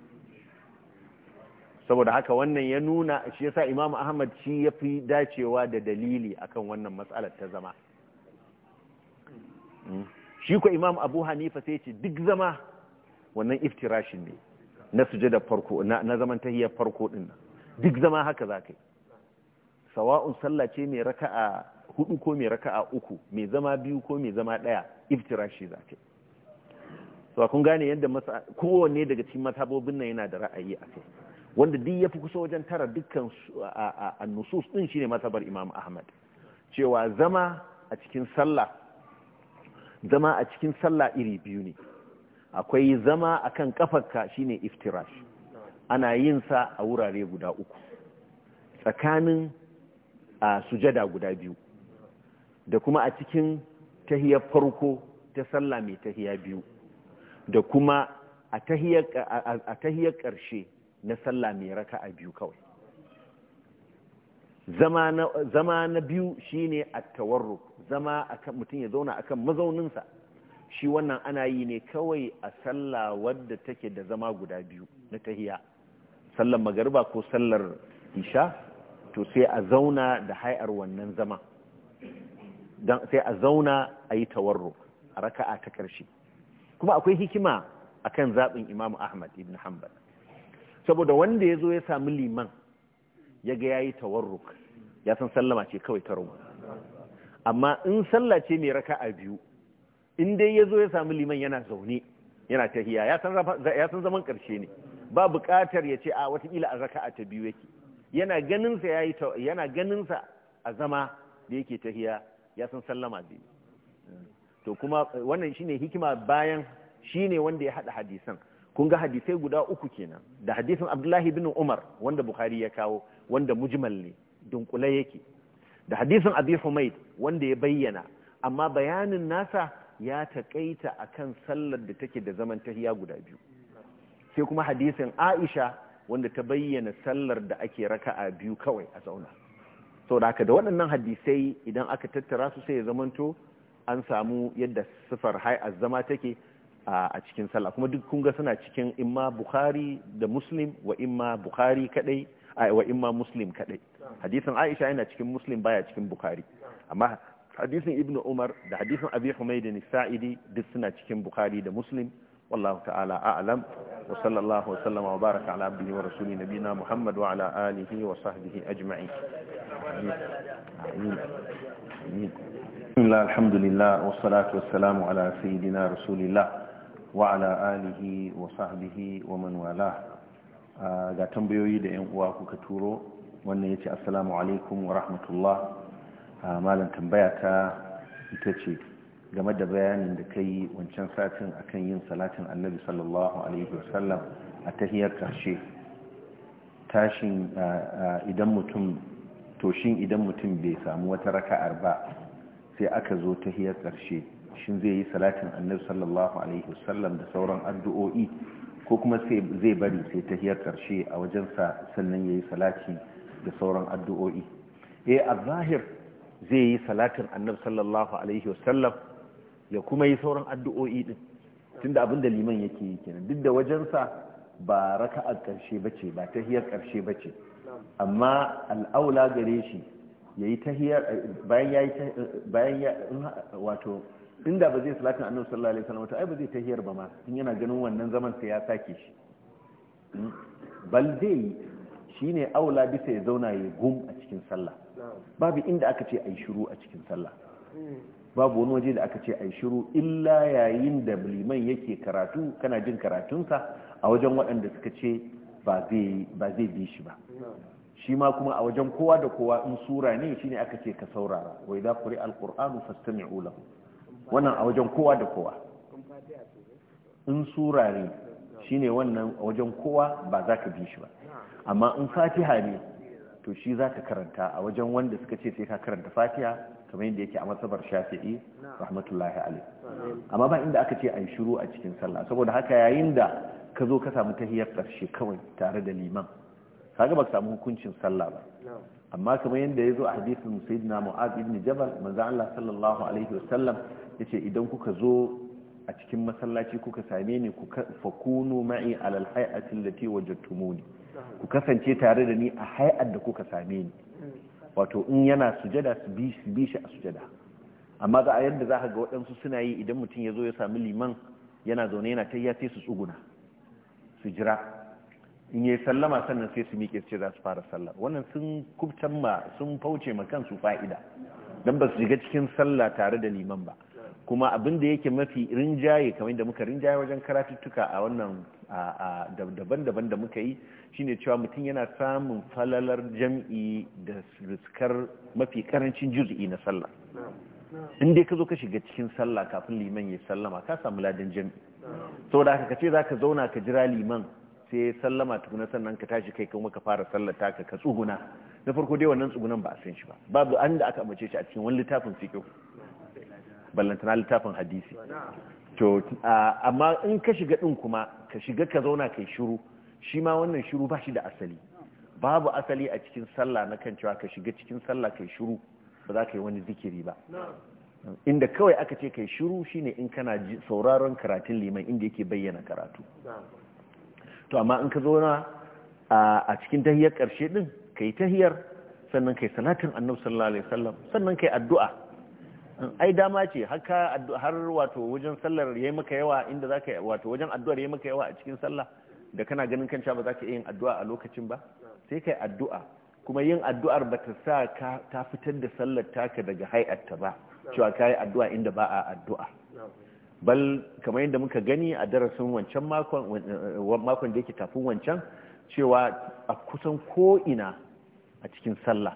saboda haka wannan ya nuna shi yasa imam ahmad shi yafi dacewa da dalili akan wannan matsalar ta zama shi ko imam abu hanifa sai ce duk zama wannan iftirashin ne na sujada farko na zaman tahiyar farko din nan duk zama haka za ka yi sawa'un sallah ce mai raka'a hudu ko mai raka'a uku mai zama biyu ko mai zama daya iftirashi za ka yi sawa kun gane yadda kowanne daga cikin matabobin nan yana da ra'ayi a kai wanda duk ya fi kusa wajen tara dukkan a nusus din shine matabar imam ahmad cewa zama a cikin sallah zama a cikin sallah iri biyu ne akwai zama akan kafarka shine iftirash ana yin sa a wurare guda uku tsakanin a sujada guda biyu da kuma a cikin tahiyar farko ta sallah mai tahiya biyu da kuma a tahiyar ƙarshe na sallah mai raka a biyu kawai zama na biyu shine at-tawarruk zama kan mutum ya zauna akan mazauninsa shi wannan ana yi ne kawai a sallah wadda take da zama guda biyu na tahiya sallar magarba ko sallar isha to sai a zauna da hai'ar wannan zama don sai a zauna a yi tawarro a raka'a ta ƙarshe kuma akwai hikima akan zaɓin imamu ahmad ibn hanbal saboda wanda ya zo ya sami liman ya ga ya yi tawarruk ya san sallama ce kawai ta rumu amma in sallah ce mai a biyu in dai ya zo ya samu liman yana zaune yana tahiya ya san zaman karshe ne ba buƙatar ya ce a watakila a a ta biyu yake yana ganinsa ya yi yana ganinsa a zama da yake tahiya ya san sallama zai to kuma wannan shine hikima bayan shine wanda ya hada hadisan kun ga hadisai guda uku kenan da hadisin Abdullahi bin Umar wanda Bukhari ya kawo wanda mujmal ne dunkule yake da hadisin abi humaid wanda ya bayyana amma bayanin nasa ya taƙaita akan sallar da take da zaman tahiya guda biyu sai kuma hadisin aisha wanda ta bayyana sallar da ake raka'a biyu kawai a zauna sau da haka da waɗannan hadisai idan aka tattara su sai ya zamanto an samu yadda sifar a zama take a cikin sallah kuma duk kunga suna cikin imma bukhari da muslim wa imma bukhari kadai wa imma muslim kadai hadisin aisha yana cikin muslim baya cikin bukhari amma hadisin ibnu umar da hadisin abi humaid bin sa'idi duk suna cikin bukhari da muslim wallahu ta'ala a'lam wa sallallahu wa sallama wa baraka ala abdihi wa rasuli nabina muhammad wa ala alihi wa sahbihi ajma'in amin amin bismillah wa salamu ala sayyidina rasulillah wa ala alihi wa sahbihi wa ga tambayoyi da yan uwa kuka turo wannan ya ce assalamu alaikum wa rahmatullah malam tambaya ta ita ce game da bayanin da ka yi wancan satin akan yin salatin annabi sallallahu alaihi wasallam a tahiyar karshe tashin idan mutum toshin idan mutum bai samu wata raka'ar ba sai aka zo tahiyar karshe shin zai yi salatin annabi sallallahu alaihi wasallam da sauran addu'o'i ko kuma zai bari sai tahiyar karshe a wajensa sannan ya yi salati da sauran addu'o'i eh a zahir zai yi salatin annab sallallahu alaihi wasallam ya kuma yi sauran addu'o'i din tunda abin da liman yake yi kenan duk da wajensa ba raka'ar karshe bace ba hiyar karshe bace amma al'aula gare shi yayi tahiyar bayan yayi bayan wato inda ba zai salatin annabi sallallahu alaihi wasallam ai ba zai tahiyar ba ma in yana ganin wannan zaman sai ya sake shi hmm? bal dai shine aula bisa ya zauna ya gum a cikin sallah babu inda aka ce ai shiru a cikin sallah babu wani waje da aka ce ai shiru illa yayin da liman yake karatu kana jin karatunsa a wajen waɗanda suka ce ba zai ba zai bi shi ba shi ma kuma a wajen kowa da kowa in sura ne shine aka ce ka saurara wa idza quri'a alqur'anu fastami'u lahu wannan a wajen kowa da kowa in sura ne shine wannan a wajen kowa ba za ka bi shi ba amma in fatiha ne to shi za ka karanta a wajen wanda suka ce sai ka karanta fatiha kamar yadda yake a matsabar shafi'i rahmatullahi alaihi amma ba inda aka ce a yi shiru a cikin sallah saboda haka yayin da ka zo ka samu tahiyar ƙarshe kawai tare da liman kaga ba samu hukuncin sallah ba amma kamar yadda ya zo a hadisin sayyidina mu'az ibn jabal manzo Allah sallallahu alaihi wasallam ya ce idan kuka zo a cikin masallaci kuka same ni ku fakunu ma'i alal hay'atin lati wajadtumuni ku kasance tare da ni a hay'ar da kuka same ni wato in yana sujada su bi bi shi a sujada amma za a yadda za ka ga waɗansu suna yi idan mutum ya zo ya sami liman yana zaune yana ta sai su tsuguna su jira in yi sallama sannan sai su miƙe ce za su fara sallah wannan sun kubtan ma sun fauce ma kansu fa'ida dan ba su shiga cikin sallah tare da liman ba kuma abin da yake mafi rinjaye kamar da muka rinjaye wajen karatuttuka a wannan daban-daban da muka yi shine cewa mutum yana samun falalar jam'i da riskar mafi karancin juz'i na sallah in dai ka zo ka shiga cikin sallah kafin liman ya sallama ka samu ladan jam'i saboda haka kace ka zauna ka jira liman sai ya sallama tukuna sannan ka tashi kai kuma ka fara sallar ta ka tsuguna na farko dai wannan tsugunan ba a san shi ba babu an da aka amince shi a cikin wani littafin fiqh ballantana littafin hadisi to amma in ka shiga din kuma ka shiga ka zauna kai shiru shi ma wannan shiru ba shi da asali babu asali a cikin sallah na kan cewa ka shiga cikin sallah kai shiru ba za ka yi wani zikiri ba inda kawai aka ce kai shiru shine in kana sauraron karatun liman inda yake bayyana karatu to amma in ka zauna a cikin tahiyar karshe din kai tahiyar sannan kai salatin annabi sallallahu alaihi wasallam sannan kai addu'a ai dama ce har wato wajen sallar yi maka yawa inda ka wato wajen addu'ar yi maka yawa a cikin sallah da kana ganin kanta ba ka yin addu'a a lokacin ba sai kai addu'a kuma yin addu'ar ba ta sa ka ta fitar da sallar taka daga hay'atta ba cewa yi addu'a inda ba a addu'a bal kamar yadda muka gani a darasin wancan makon makon da yake tafin wancan cewa a kusan ko ina a cikin sallah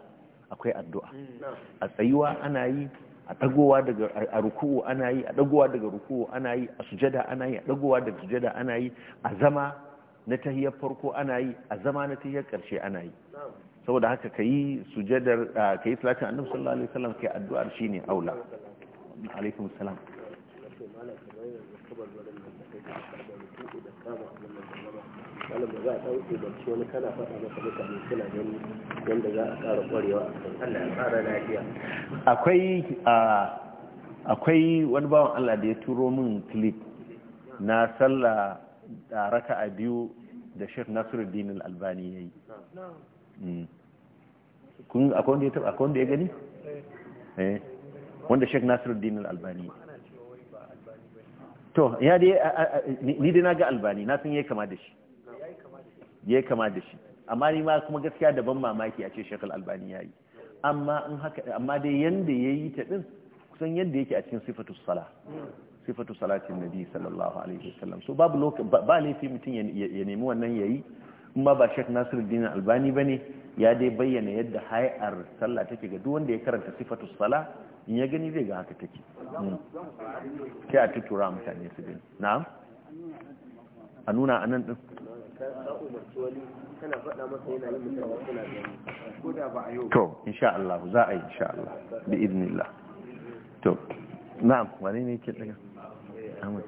akwai addu'a mm. a tsayuwa ana yi a dagowa daga a ruku'u ana yi a dagowa daga ruku'u ana yi a sujada ana yi a dagowa daga sujada ana yi a zama na tahiyar farko ana yi a zama na tahiyar karshe ana yi saboda haka kayi sujadar kayi salatin annabi sallallahu alaihi wasallam kai addu'ar shine aula alaikum salam malam da za a ɗauke da wani kana faɗa masa mutane suna gani yadda za a ƙara ƙwarewa a kan Allah ya ƙara lafiya akwai akwai wani bawan Allah da ya turo min clip na sallah da a biyu da Sheikh Nasiruddin Al-Albani yayi hmm. kun akwai wanda ya taba akwai wanda ya gani eh wanda Sheikh Nasiruddin Al-Albani to ya dai ni dai ga Albani na san yayi kama da shi ya kama da shi amma ni ma kuma gaskiya da ban mamaki a ce Sheikh albani albani yi, amma in haka amma dai yanda yi ta ɗin, kusan yanda yake a cikin sifatu sala sifatu salatin nabi sallallahu alaihi wasallam so babu lokaci ba laifi mutum ya nemi wannan ya in ma ba Nasiru Nasiruddin Albani bane ya dai bayyana yadda hay'ar sallah take ga duk wanda ya karanta sifatu sala in ya gani zai ga haka take hmm. sai a tutura mutane su na na'am a nuna anan din to insha Allah za a yi insha Allah bi idnillah to na'am wani ne yake daga amin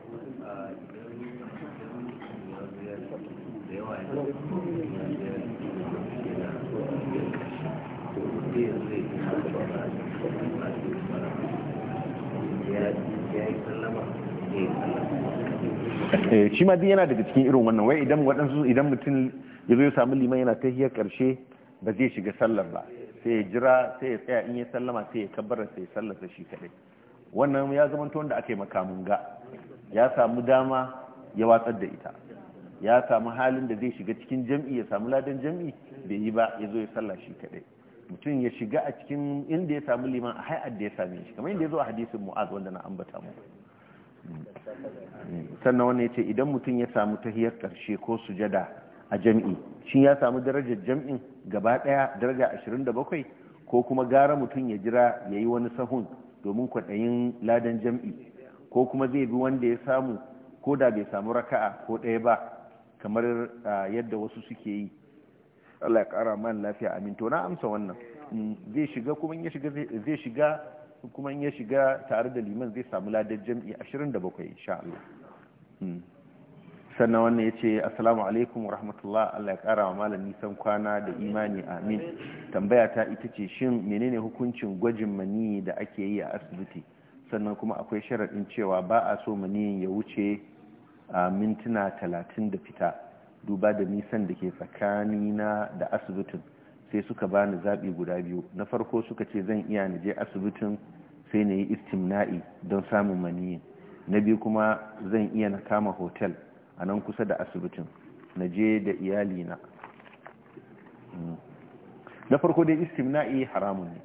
shi ma duk yana daga cikin irin wannan wai idan waɗansu idan mutum ya zo ya samu liman yana hiyar ƙarshe ba zai shiga sallar ba sai ya jira sai ya tsaya in ya sallama sai ya kabbara sai ya sallasa shi kaɗai wannan ya zama wanda aka yi makamun ga ya samu dama ya watsar da ita ya samu halin da zai shiga cikin jam'i ya samu ladan jam'i bai yi ba ya zo ya sallah shi kaɗai mutum ya shiga a cikin inda ya samu liman a hay'ar da ya same shi kamar inda ya zo a hadisin mu'az wanda na ambata mu sannan wani ya ce idan mutum ya samu tahiyar ƙarshe ko sujada a jam'i shi ya samu darajar jam'in gaba ɗaya daraja 27 ko kuma gara mutum ya jira ya yi wani sahun domin kwaɗayin ladan jam'i ko kuma zai bi wanda ya samu ko da bai samu raka'a ko ɗaya ba kamar yadda wasu suke yi Allah ya ƙara man lafiya amintona amsa wannan zai shiga kuma ya shiga zai shiga kuma in ya shiga tare da liman zai samu ladar jam'i 27 insha Allah hmm. sannan wannan ya ce assalamu alaikum wa rahmatullah Allah ya kara wa malam nisan kwana da imani amin tambaya ta ita ce shin menene hukuncin gwajin mani da ake yi a asibiti sannan kuma akwai sharaɗin cewa ba a so mani ya wuce a mintuna talatin da fita duba da nisan da ke tsakanina da asibitin sai suka bani zaɓi guda biyu na farko suka ce zan iya na je asibitin sai na yi istimna'i don samun maniyi na biyu kuma zan iya na kama hotel a nan kusa da asibitin na je da iyalina mm. na farko dai istimna'i haramun ne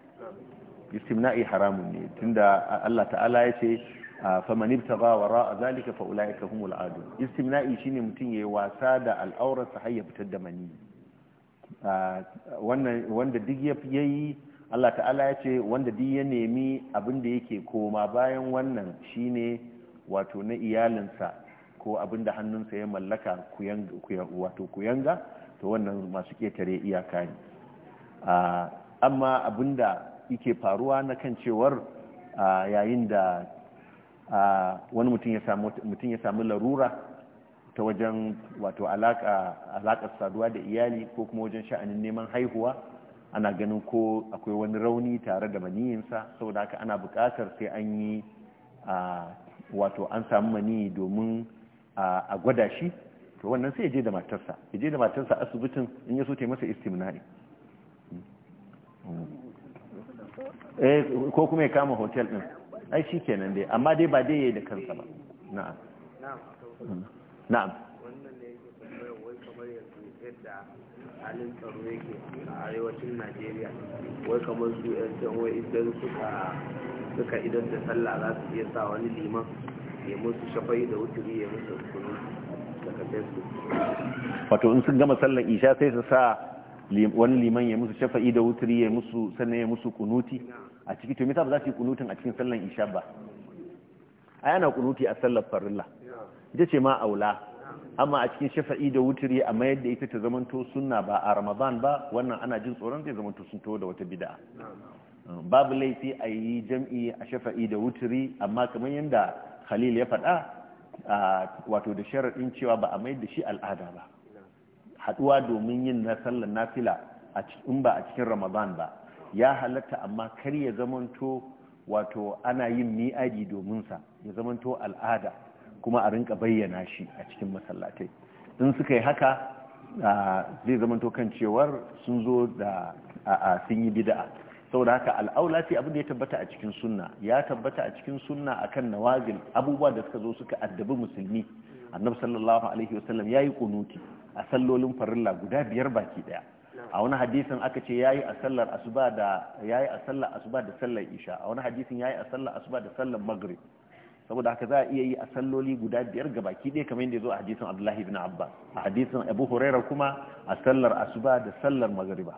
istimna'i haramun ne tunda Allah ta'ala ya ce faman ibtaga wara zalika fa ulaika humul adun istimna'i shine mutun yayi wasa da al'aurar sa har ya fitar da maniyi wanda duk ya yi Allah ta'ala ya ce wanda duk ya nemi abin da yake koma bayan wannan shine wato na iyalinsa ko abin da hannunsa ya mallaka wato kuyanga ta wannan masu ketare iyaka ne amma abin da yake faruwa na kan cewar yayin da wani mutum ya samu larura ta wajen wato alaƙar saduwa da iyali ko kuma wajen sha'anin neman haihuwa ana ganin ko akwai wani rauni tare da maniyinsa saboda haka ana buƙatar sai an yi wato an samu maniyi domin a gwada shi to wannan sai ya je da matarsa ya je da matarsa asibitin in ya so ta masa istimna'i eh, ko kuma ya kama hotel din ai shi kenan dai amma dai ba dai ya yi da kansa ba na'am na'am wannan ne yake tambayar wai kamar yanzu yadda halin tsaro yake a arewacin najeriya wai kamar su yan wai idan suka suka idan da sallah za su iya sa wani liman ya musu shafai da wuturi ya musu kunu daga su wato in sun gama sallar isha sai su sa wani liman ya musu shafa'i da wuturi ya musu sannan ya musu kunuti a ciki to me ba za su yi kunutin a cikin sallar isha ba a yana kunuti a sallar farilla ita ce ma aula amma a cikin shafa'i da wuturi a mayar da ita ta zamanto suna ba a ramadan ba wannan ana jin tsoron zai zamanto sun to da wata bid'a babu laifi a yi jam'i a shafa'i da wuturi amma kamar yadda khalil ya faɗa wato da sharaɗin cewa ba a mayar da shi al'ada ba haɗuwa domin yin na sallar nafila in ba a cikin ramadan ba ya halatta amma kar ya zamanto wato ana yin ni'adi domin sa ya zamanto al'ada kuma a rinka bayyana shi a cikin masallatai in suka yi haka zai zama kan cewar sun zo da sun yi bida'a saboda haka al'aula ce abin da ya tabbata a cikin sunna ya tabbata a cikin sunna akan nawazil abubuwa da suka zo suka addabi musulmi annabi sallallahu alaihi wasallam yayi kunuti a sallolin farilla guda biyar baki daya a wani hadisin aka ce yayi a sallar asuba da yayi a sallar asuba da sallar isha a wani hadisin yayi a sallar asuba da sallar maghrib saboda haka za a iya yi a salloli guda biyar ga baki ɗaya kamar yadda ya zo a hadisin abdullahi ibn Abba a hadisin abu huraira kuma a sallar asuba da sallar magariba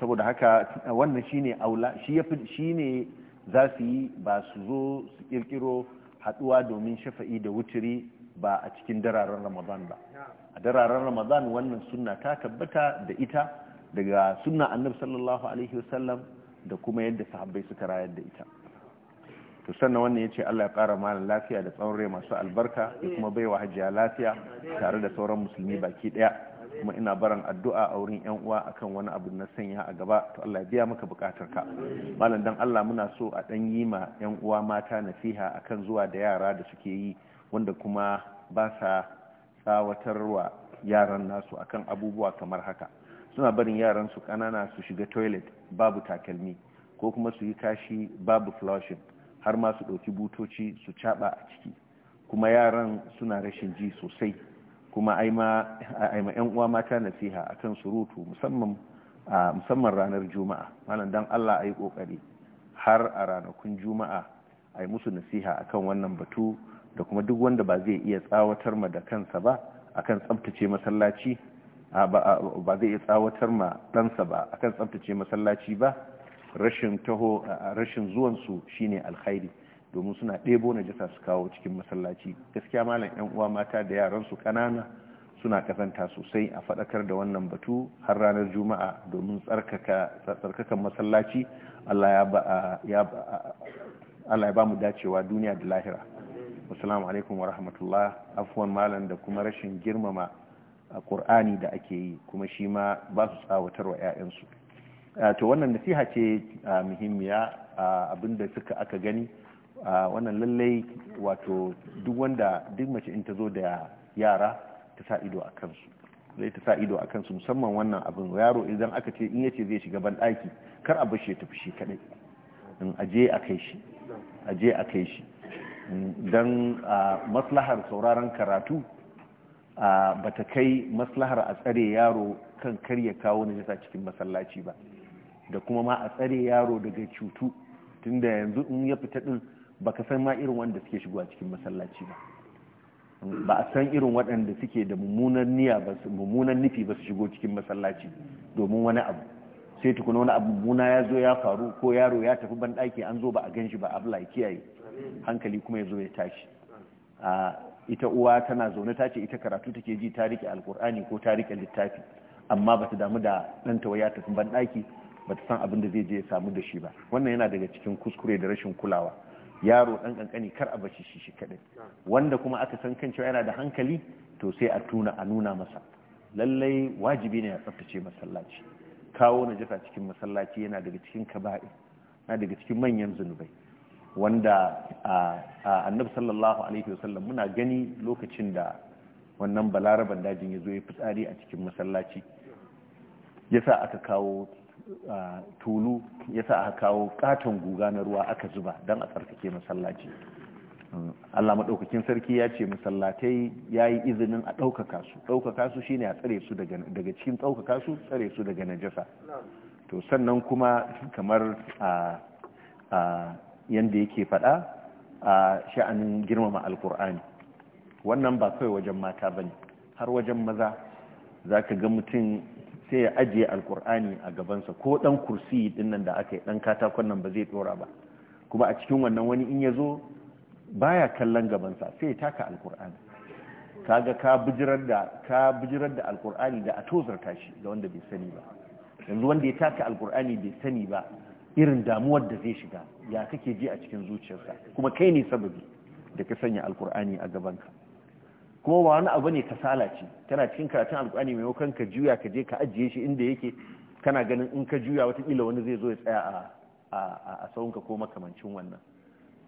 saboda haka wannan shine aula shi shine za su yi ba su zo su kirkiro haduwa domin shafa'i da wuturi ba a cikin dararen ramadan ba a dararen ramadan wannan sunna ta tabbata da ita daga sunna annabi sallallahu alaihi wasallam da kuma yadda sahabbai suka rayar da ita to sannan wannan ya ce Allah ya ƙara malam lafiya da tsawon rai masu albarka da kuma baiwa hajiya lafiya tare da sauran musulmi baki ɗaya kuma ina baran addu'a a wurin yan uwa akan wani abu na sanya a gaba to Allah ya biya maka bukatar ka malam dan Allah muna so a dan yi ma yan uwa mata nasiha akan zuwa da yara da suke yi wanda kuma ba sa tsawatarwa yaran nasu akan abubuwa kamar haka suna barin yaran su kanana su shiga toilet babu takalmi ko kuma su yi kashi babu flushing har ma su ɗauki butoci su caɓa a ciki kuma yaran suna rashin ji sosai kuma yi ma yan uwa mata nasiha a kan surutu musamman ranar juma'a malam dan Allah a yi ƙoƙari har a ranakun juma'a yi musu nasiha kan wannan batu da kuma duk wanda ba zai iya tsawatar ma da kansa ba a kan tsabtace masallaci ba zai iya tsawatar ma ɗansa ba a kan tsabtace masallaci ba rashin taho rashin zuwansu shine alkhairi domin suna ɗebo na su kawo cikin masallaci gaskiya malam yan uwa mata da yaran su ƙanana suna kasanta sosai a faɗakar da wannan batu har ranar juma'a domin tsarkakan masallaci allah ya ba mu dacewa duniya da lahira assalamu alaikum wa rahmatullah afuwan malam da kuma rashin girmama a ƙur'ani da ake yi kuma shi ma ba su tsawatarwa 'ya'yansu Ah, to wannan nasiha ce ah, muhimmiya ah, abinda suka aka gani wannan lallai wato duk wanda duk mace in ta zo da yara ta sa ido a kansu zai ta sa ido a kansu musamman wannan abin yaro idan aka ce in yace zai shiga banɗaki kar a bar shi ya tafi shi kaɗai in mm, aje a kai shi aje a kai shi mm, don maslahar sauraron karatu ba ta kai maslahar a tsare yaro kan karya kawo najasa cikin masallaci ba da kuma ma a tsare yaro daga cutu tunda yanzu in ya fita din baka san ma irin wanda suke shigowa cikin masallaci ba ba a san irin waɗanda suke da mummunan niyya ba mummunan nufi ba su shigo cikin masallaci domin wani abu sai tukuna wani abu mummuna ya zo ya faru ko yaro ya tafi ban ɗaki an zo ba a gan shi ba abla ya kiyaye hankali kuma ya zo ya tashi a ita uwa tana zaune ta ce ita karatu take ji ta rike alkur'ani ko ta rike littafi amma ba ta damu da ɗanta ya tafi ban ɗaki bata san abin da zai je ya samu da shi ba wannan yana daga cikin kuskure da rashin kulawa yaro ɗan kankani kar a bashi shi shi kadai wanda kuma aka san kan cewa yana da hankali to sai a tuna a nuna masa lallai wajibi ne ya tsaftace masallaci kawo najasa cikin masallaci yana daga cikin kaba'i na daga cikin manyan zunubai wanda a annabi sallallahu alaihi wasallam muna gani lokacin da wannan balaraban dajin ya zo ya fitsari a cikin masallaci yasa aka kawo tulu ya sa aka kawo katon guga na ruwa aka zuba don a tsarkake masallaci hmm. Allah maɗaukakin sarki ya ce masallatai ya yi izinin a ɗaukaka su ɗaukaka su shine a tsare su daga cikin ɗaukaka su tsare su daga najasa to sannan kuma kamar a yadda yake faɗa a sha'anin girmama alkur'ani wannan ba kawai wajen mata bane har wajen maza za ka ga mutum sai ya ajiye alkur'ani a gabansa ko dan kursi din nan da aka yi dan katakon nan ba zai dora ba kuma a cikin wannan wani in ya zo baya kallon gabansa sai ya taka alkur'ani kaga ka bijirar da ka bijirar da alkur'ani da a tozarta shi ga wanda bai sani ba yanzu wanda ya taka alkur'ani bai sani ba irin damuwar da zai shiga ya kake ji a cikin zuciyarsa kuma kai ne sababi da ka sanya alkur'ani a gabanka kuma ba wani abu ne kasala ce kana cikin karatun alkur'ani maimakon ka juya ka je ka ajiye shi inda yake kana ganin in ka juya wata watakila wani zai zo ya tsaya a ka ko makamancin wannan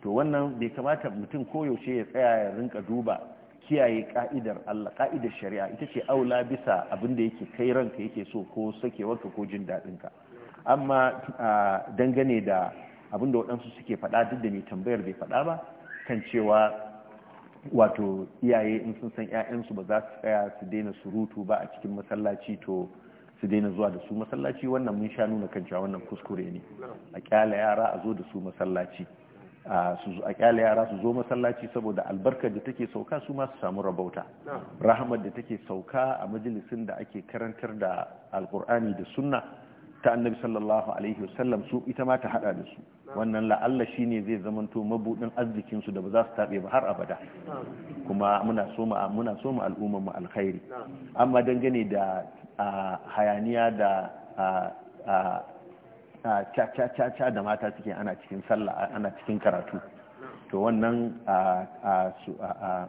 to wannan bai kamata mutum koyaushe ya tsaya ya rinka duba kiyaye ka'idar Allah ka'idar shari'a ita ce aula bisa abin da yake kai ranka yake so ko wanka ko jin daɗin ka. amma dangane da abin da waɗansu suke faɗa duk da mai tambayar bai faɗa ba kan cewa wato iyaye in sun san 'ya'yansu ba za su tsaya su daina surutu ba a cikin masallaci to su daina zuwa da su masallaci wannan mun sha nuna kan cewa wannan kuskure ne a kyala yara a zo da su masallaci a kyala yara su zo masallaci saboda albarkar da take sauka su ma su samu rabauta rahamar da take sauka a majalisin da ake karantar da alkur'ani da sunna ta annabi sallallahu alaihi wasallam su ita ma ta hada da su wannan la'alla shine zai zamanto mabudin arzikin su da ba za su tabe ba har abada kuma muna so mu muna so mu al'umman mu alkhairi amma dangane da hayaniya da cha cha cha cha da mata suke ana cikin sallah ana cikin karatu to wannan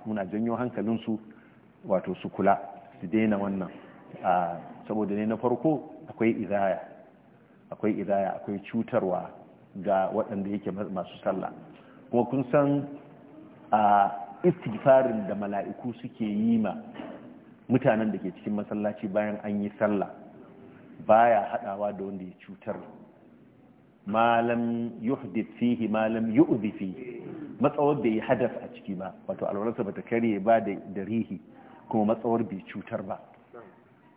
muna janyo hankalin su wato su kula su daina wannan saboda ne na farko akwai izaya akwai idaya akwai cutarwa ga waɗanda yake masu sallah kuma kun san a istighfarin da mala'iku suke yi ma mutanen da ke cikin masallaci bayan an yi sallah baya hadawa da wanda ya cutar malam yuhdith fihi malam yu'dhi fihi matsawar da ya hadaf a ciki ba wato alwarsa bata karye ba da rihi kuma matsawar bai cutar ba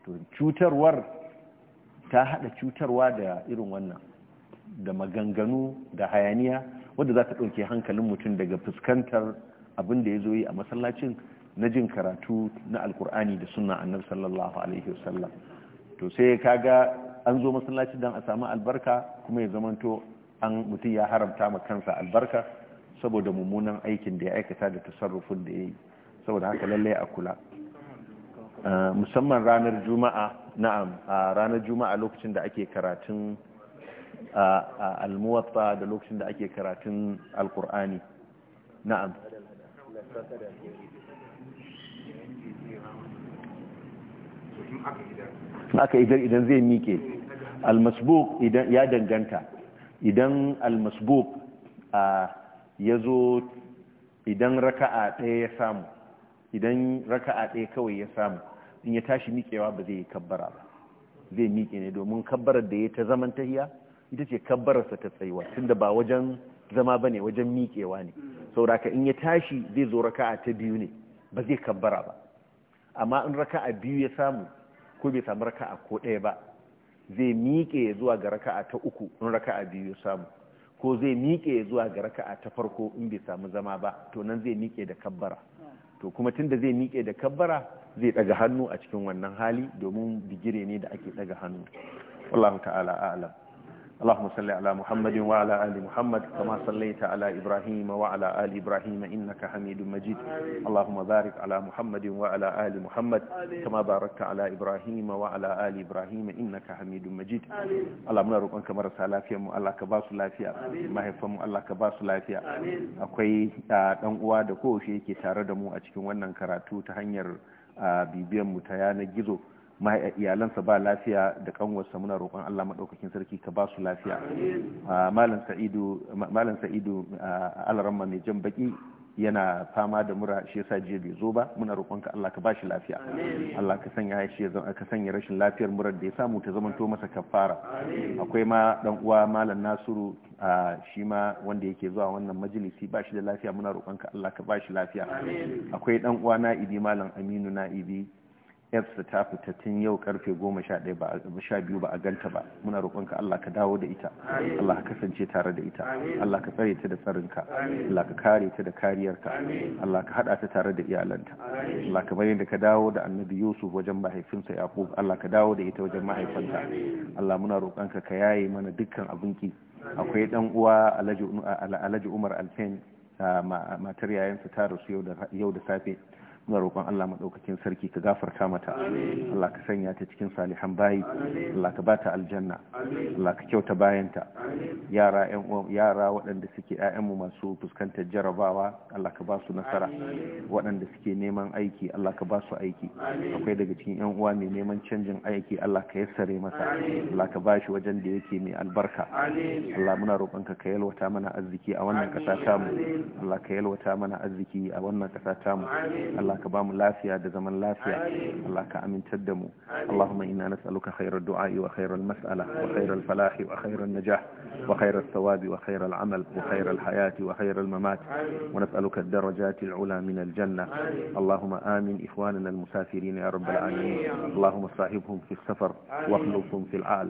to cutarwar ta haɗa cutarwa da irin wannan da maganganu da hayaniya wadda za ta dauke hankalin mutum daga fuskantar abin da ya zo yi a masallacin na jin karatu na alkur'ani da sunna annabi sallallahu alaihi wasallam to sai kaga an zo masallacin dan a samu albarka kuma ya zamanto an mutum ya haramta ma kansa albarka saboda mummunan aikin da ya aikata da tasarrufin da ya yi saboda haka lallai a kula eh, musamman ranar juma'a na'am a ranar juma'a lokacin da ake karatun almuwatta da lokacin da ake karatun alkur'ani na'am aka idan idan zai mike almasbuk idan ya danganta idan almasbuk ya zo idan raka'a ɗaya ya samu idan raka'a ɗaya kawai ya samu in ya tashi miƙewa ba zai yi kabbara ba zai miƙe ne domin kabbarar da ya ta zaman tahiya ita ce kabbararsa ta tsayuwa tunda ba wajen zama ba bane wajen miƙewa ne sauraka in ya tashi zai zo raka'a ta biyu ne ba zai kabbara ba amma in raka'a biyu ya samu ko bai samu raka'a ko ɗaya ba zai miƙe zuwa ga raka'a ta uku in raka'a biyu ya samu ko zai miƙe zuwa ga raka'a ta farko in bai samu zama ba to nan zai miƙe da kabbara to kuma tunda zai miƙe da kabbara zai daga hannu a cikin wannan hali domin bigire ne da ake daga hannu wallahu ta'ala a'lam اللهم صل على محمد وعلى آل محمد كما صليت على ala وعلى آل إبراهيم إنك حميد مجيد اللهم بارك على محمد وعلى آل محمد كما باركت على إبراهيم وعلى آل إبراهيم إنك حميد مجيد اللهم ba su مرسى mahaifanmu فيا الله كباس su lafiya ما يفهم الله كباس kowace yake tare da mu a cikin wannan karatu ta hanyar. a bibiyan mu ta yanar gizo iyalansa ba lafiya da kanwarsa muna roƙon Allah maɗaukakin sarki ka ba su lafiya malam sa'idu alaramma mai jan baki yana fama da mura shi yasa jiya bai zo ba muna roƙonka Allah ka bashi lafiya Allah ka sanya shi ka sanya rashin lafiyar murar da ya samu ta zamanto masa kafara akwai ma dan uwa malam Nasiru shi ma wanda yake zuwa wannan majalisi bashi da lafiya muna roƙonka Allah ka bashi lafiya akwai dan uwa na Idi malam Aminu na Idi yarsa ta fita tun yau karfe goma sha ɗaya ba sha biyu ba a ganta ba muna roƙonka Allah ka dawo da ita Allah ka kasance tare da ita Allah ka tsare ta da tsarinka Allah ka kare ta da kariyarka Allah ka haɗa ta tare da iyalanta Allah ka bayyana ka dawo da annabi Yusuf wajen mahaifinsa Yaqub Allah ka dawo da ita wajen mahaifinta Allah muna roƙonka ka yaye mana dukkan abin ki akwai dan uwa Alhaji Umar Alfen ah, matar yayansa ta rasu yau da safe muna roƙon Allah maɗaukakin sarki ka gafarta mata Allah ka sanya ta cikin salihan bayi Allah ka bata aljanna Allah ka kyauta bayanta yara ƴan yara waɗanda suke ƴaƴanmu masu fuskantar jarabawa Allah ka ba su nasara waɗanda suke neman aiki Allah ka ba su aiki akwai daga cikin ƴan uwa mai neman canjin aiki Allah ka yassare masa Allah ka bashi wajen da yake mai albarka Allah muna roƙonka ka yalwata mana arziki a wannan ƙasa tamu Allah ka yalwata mana arziki a wannan ƙasa tamu Allah Allah ka bamu lafiya da zaman lafiya Allah ka amintar da mu Allahumma inna nas'aluka khairar du'a wa khairal mas'ala wa khairal falah wa khairal najah wa khairal thawabi wa khairal amal wa khairal hayati wa khairal mamat wa nas'aluka الدرجات العلى من الجنة اللهم آمن إخواننا المسافرين يا رب العالمين اللهم صاحبهم في السفر واخلفهم في العال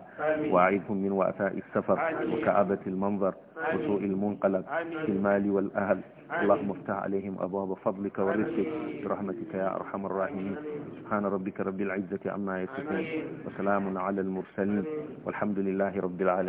واعذهم من وعثاء السفر وكآبة المنظر وسوء المنقلب في المال والأهل اللهم افتح عليهم أبواب فضلك ورزقك برحمتك يا أرحم الراحمين سبحان ربك رب العزة عما يصفون وسلام على المرسلين والحمد لله رب العالمين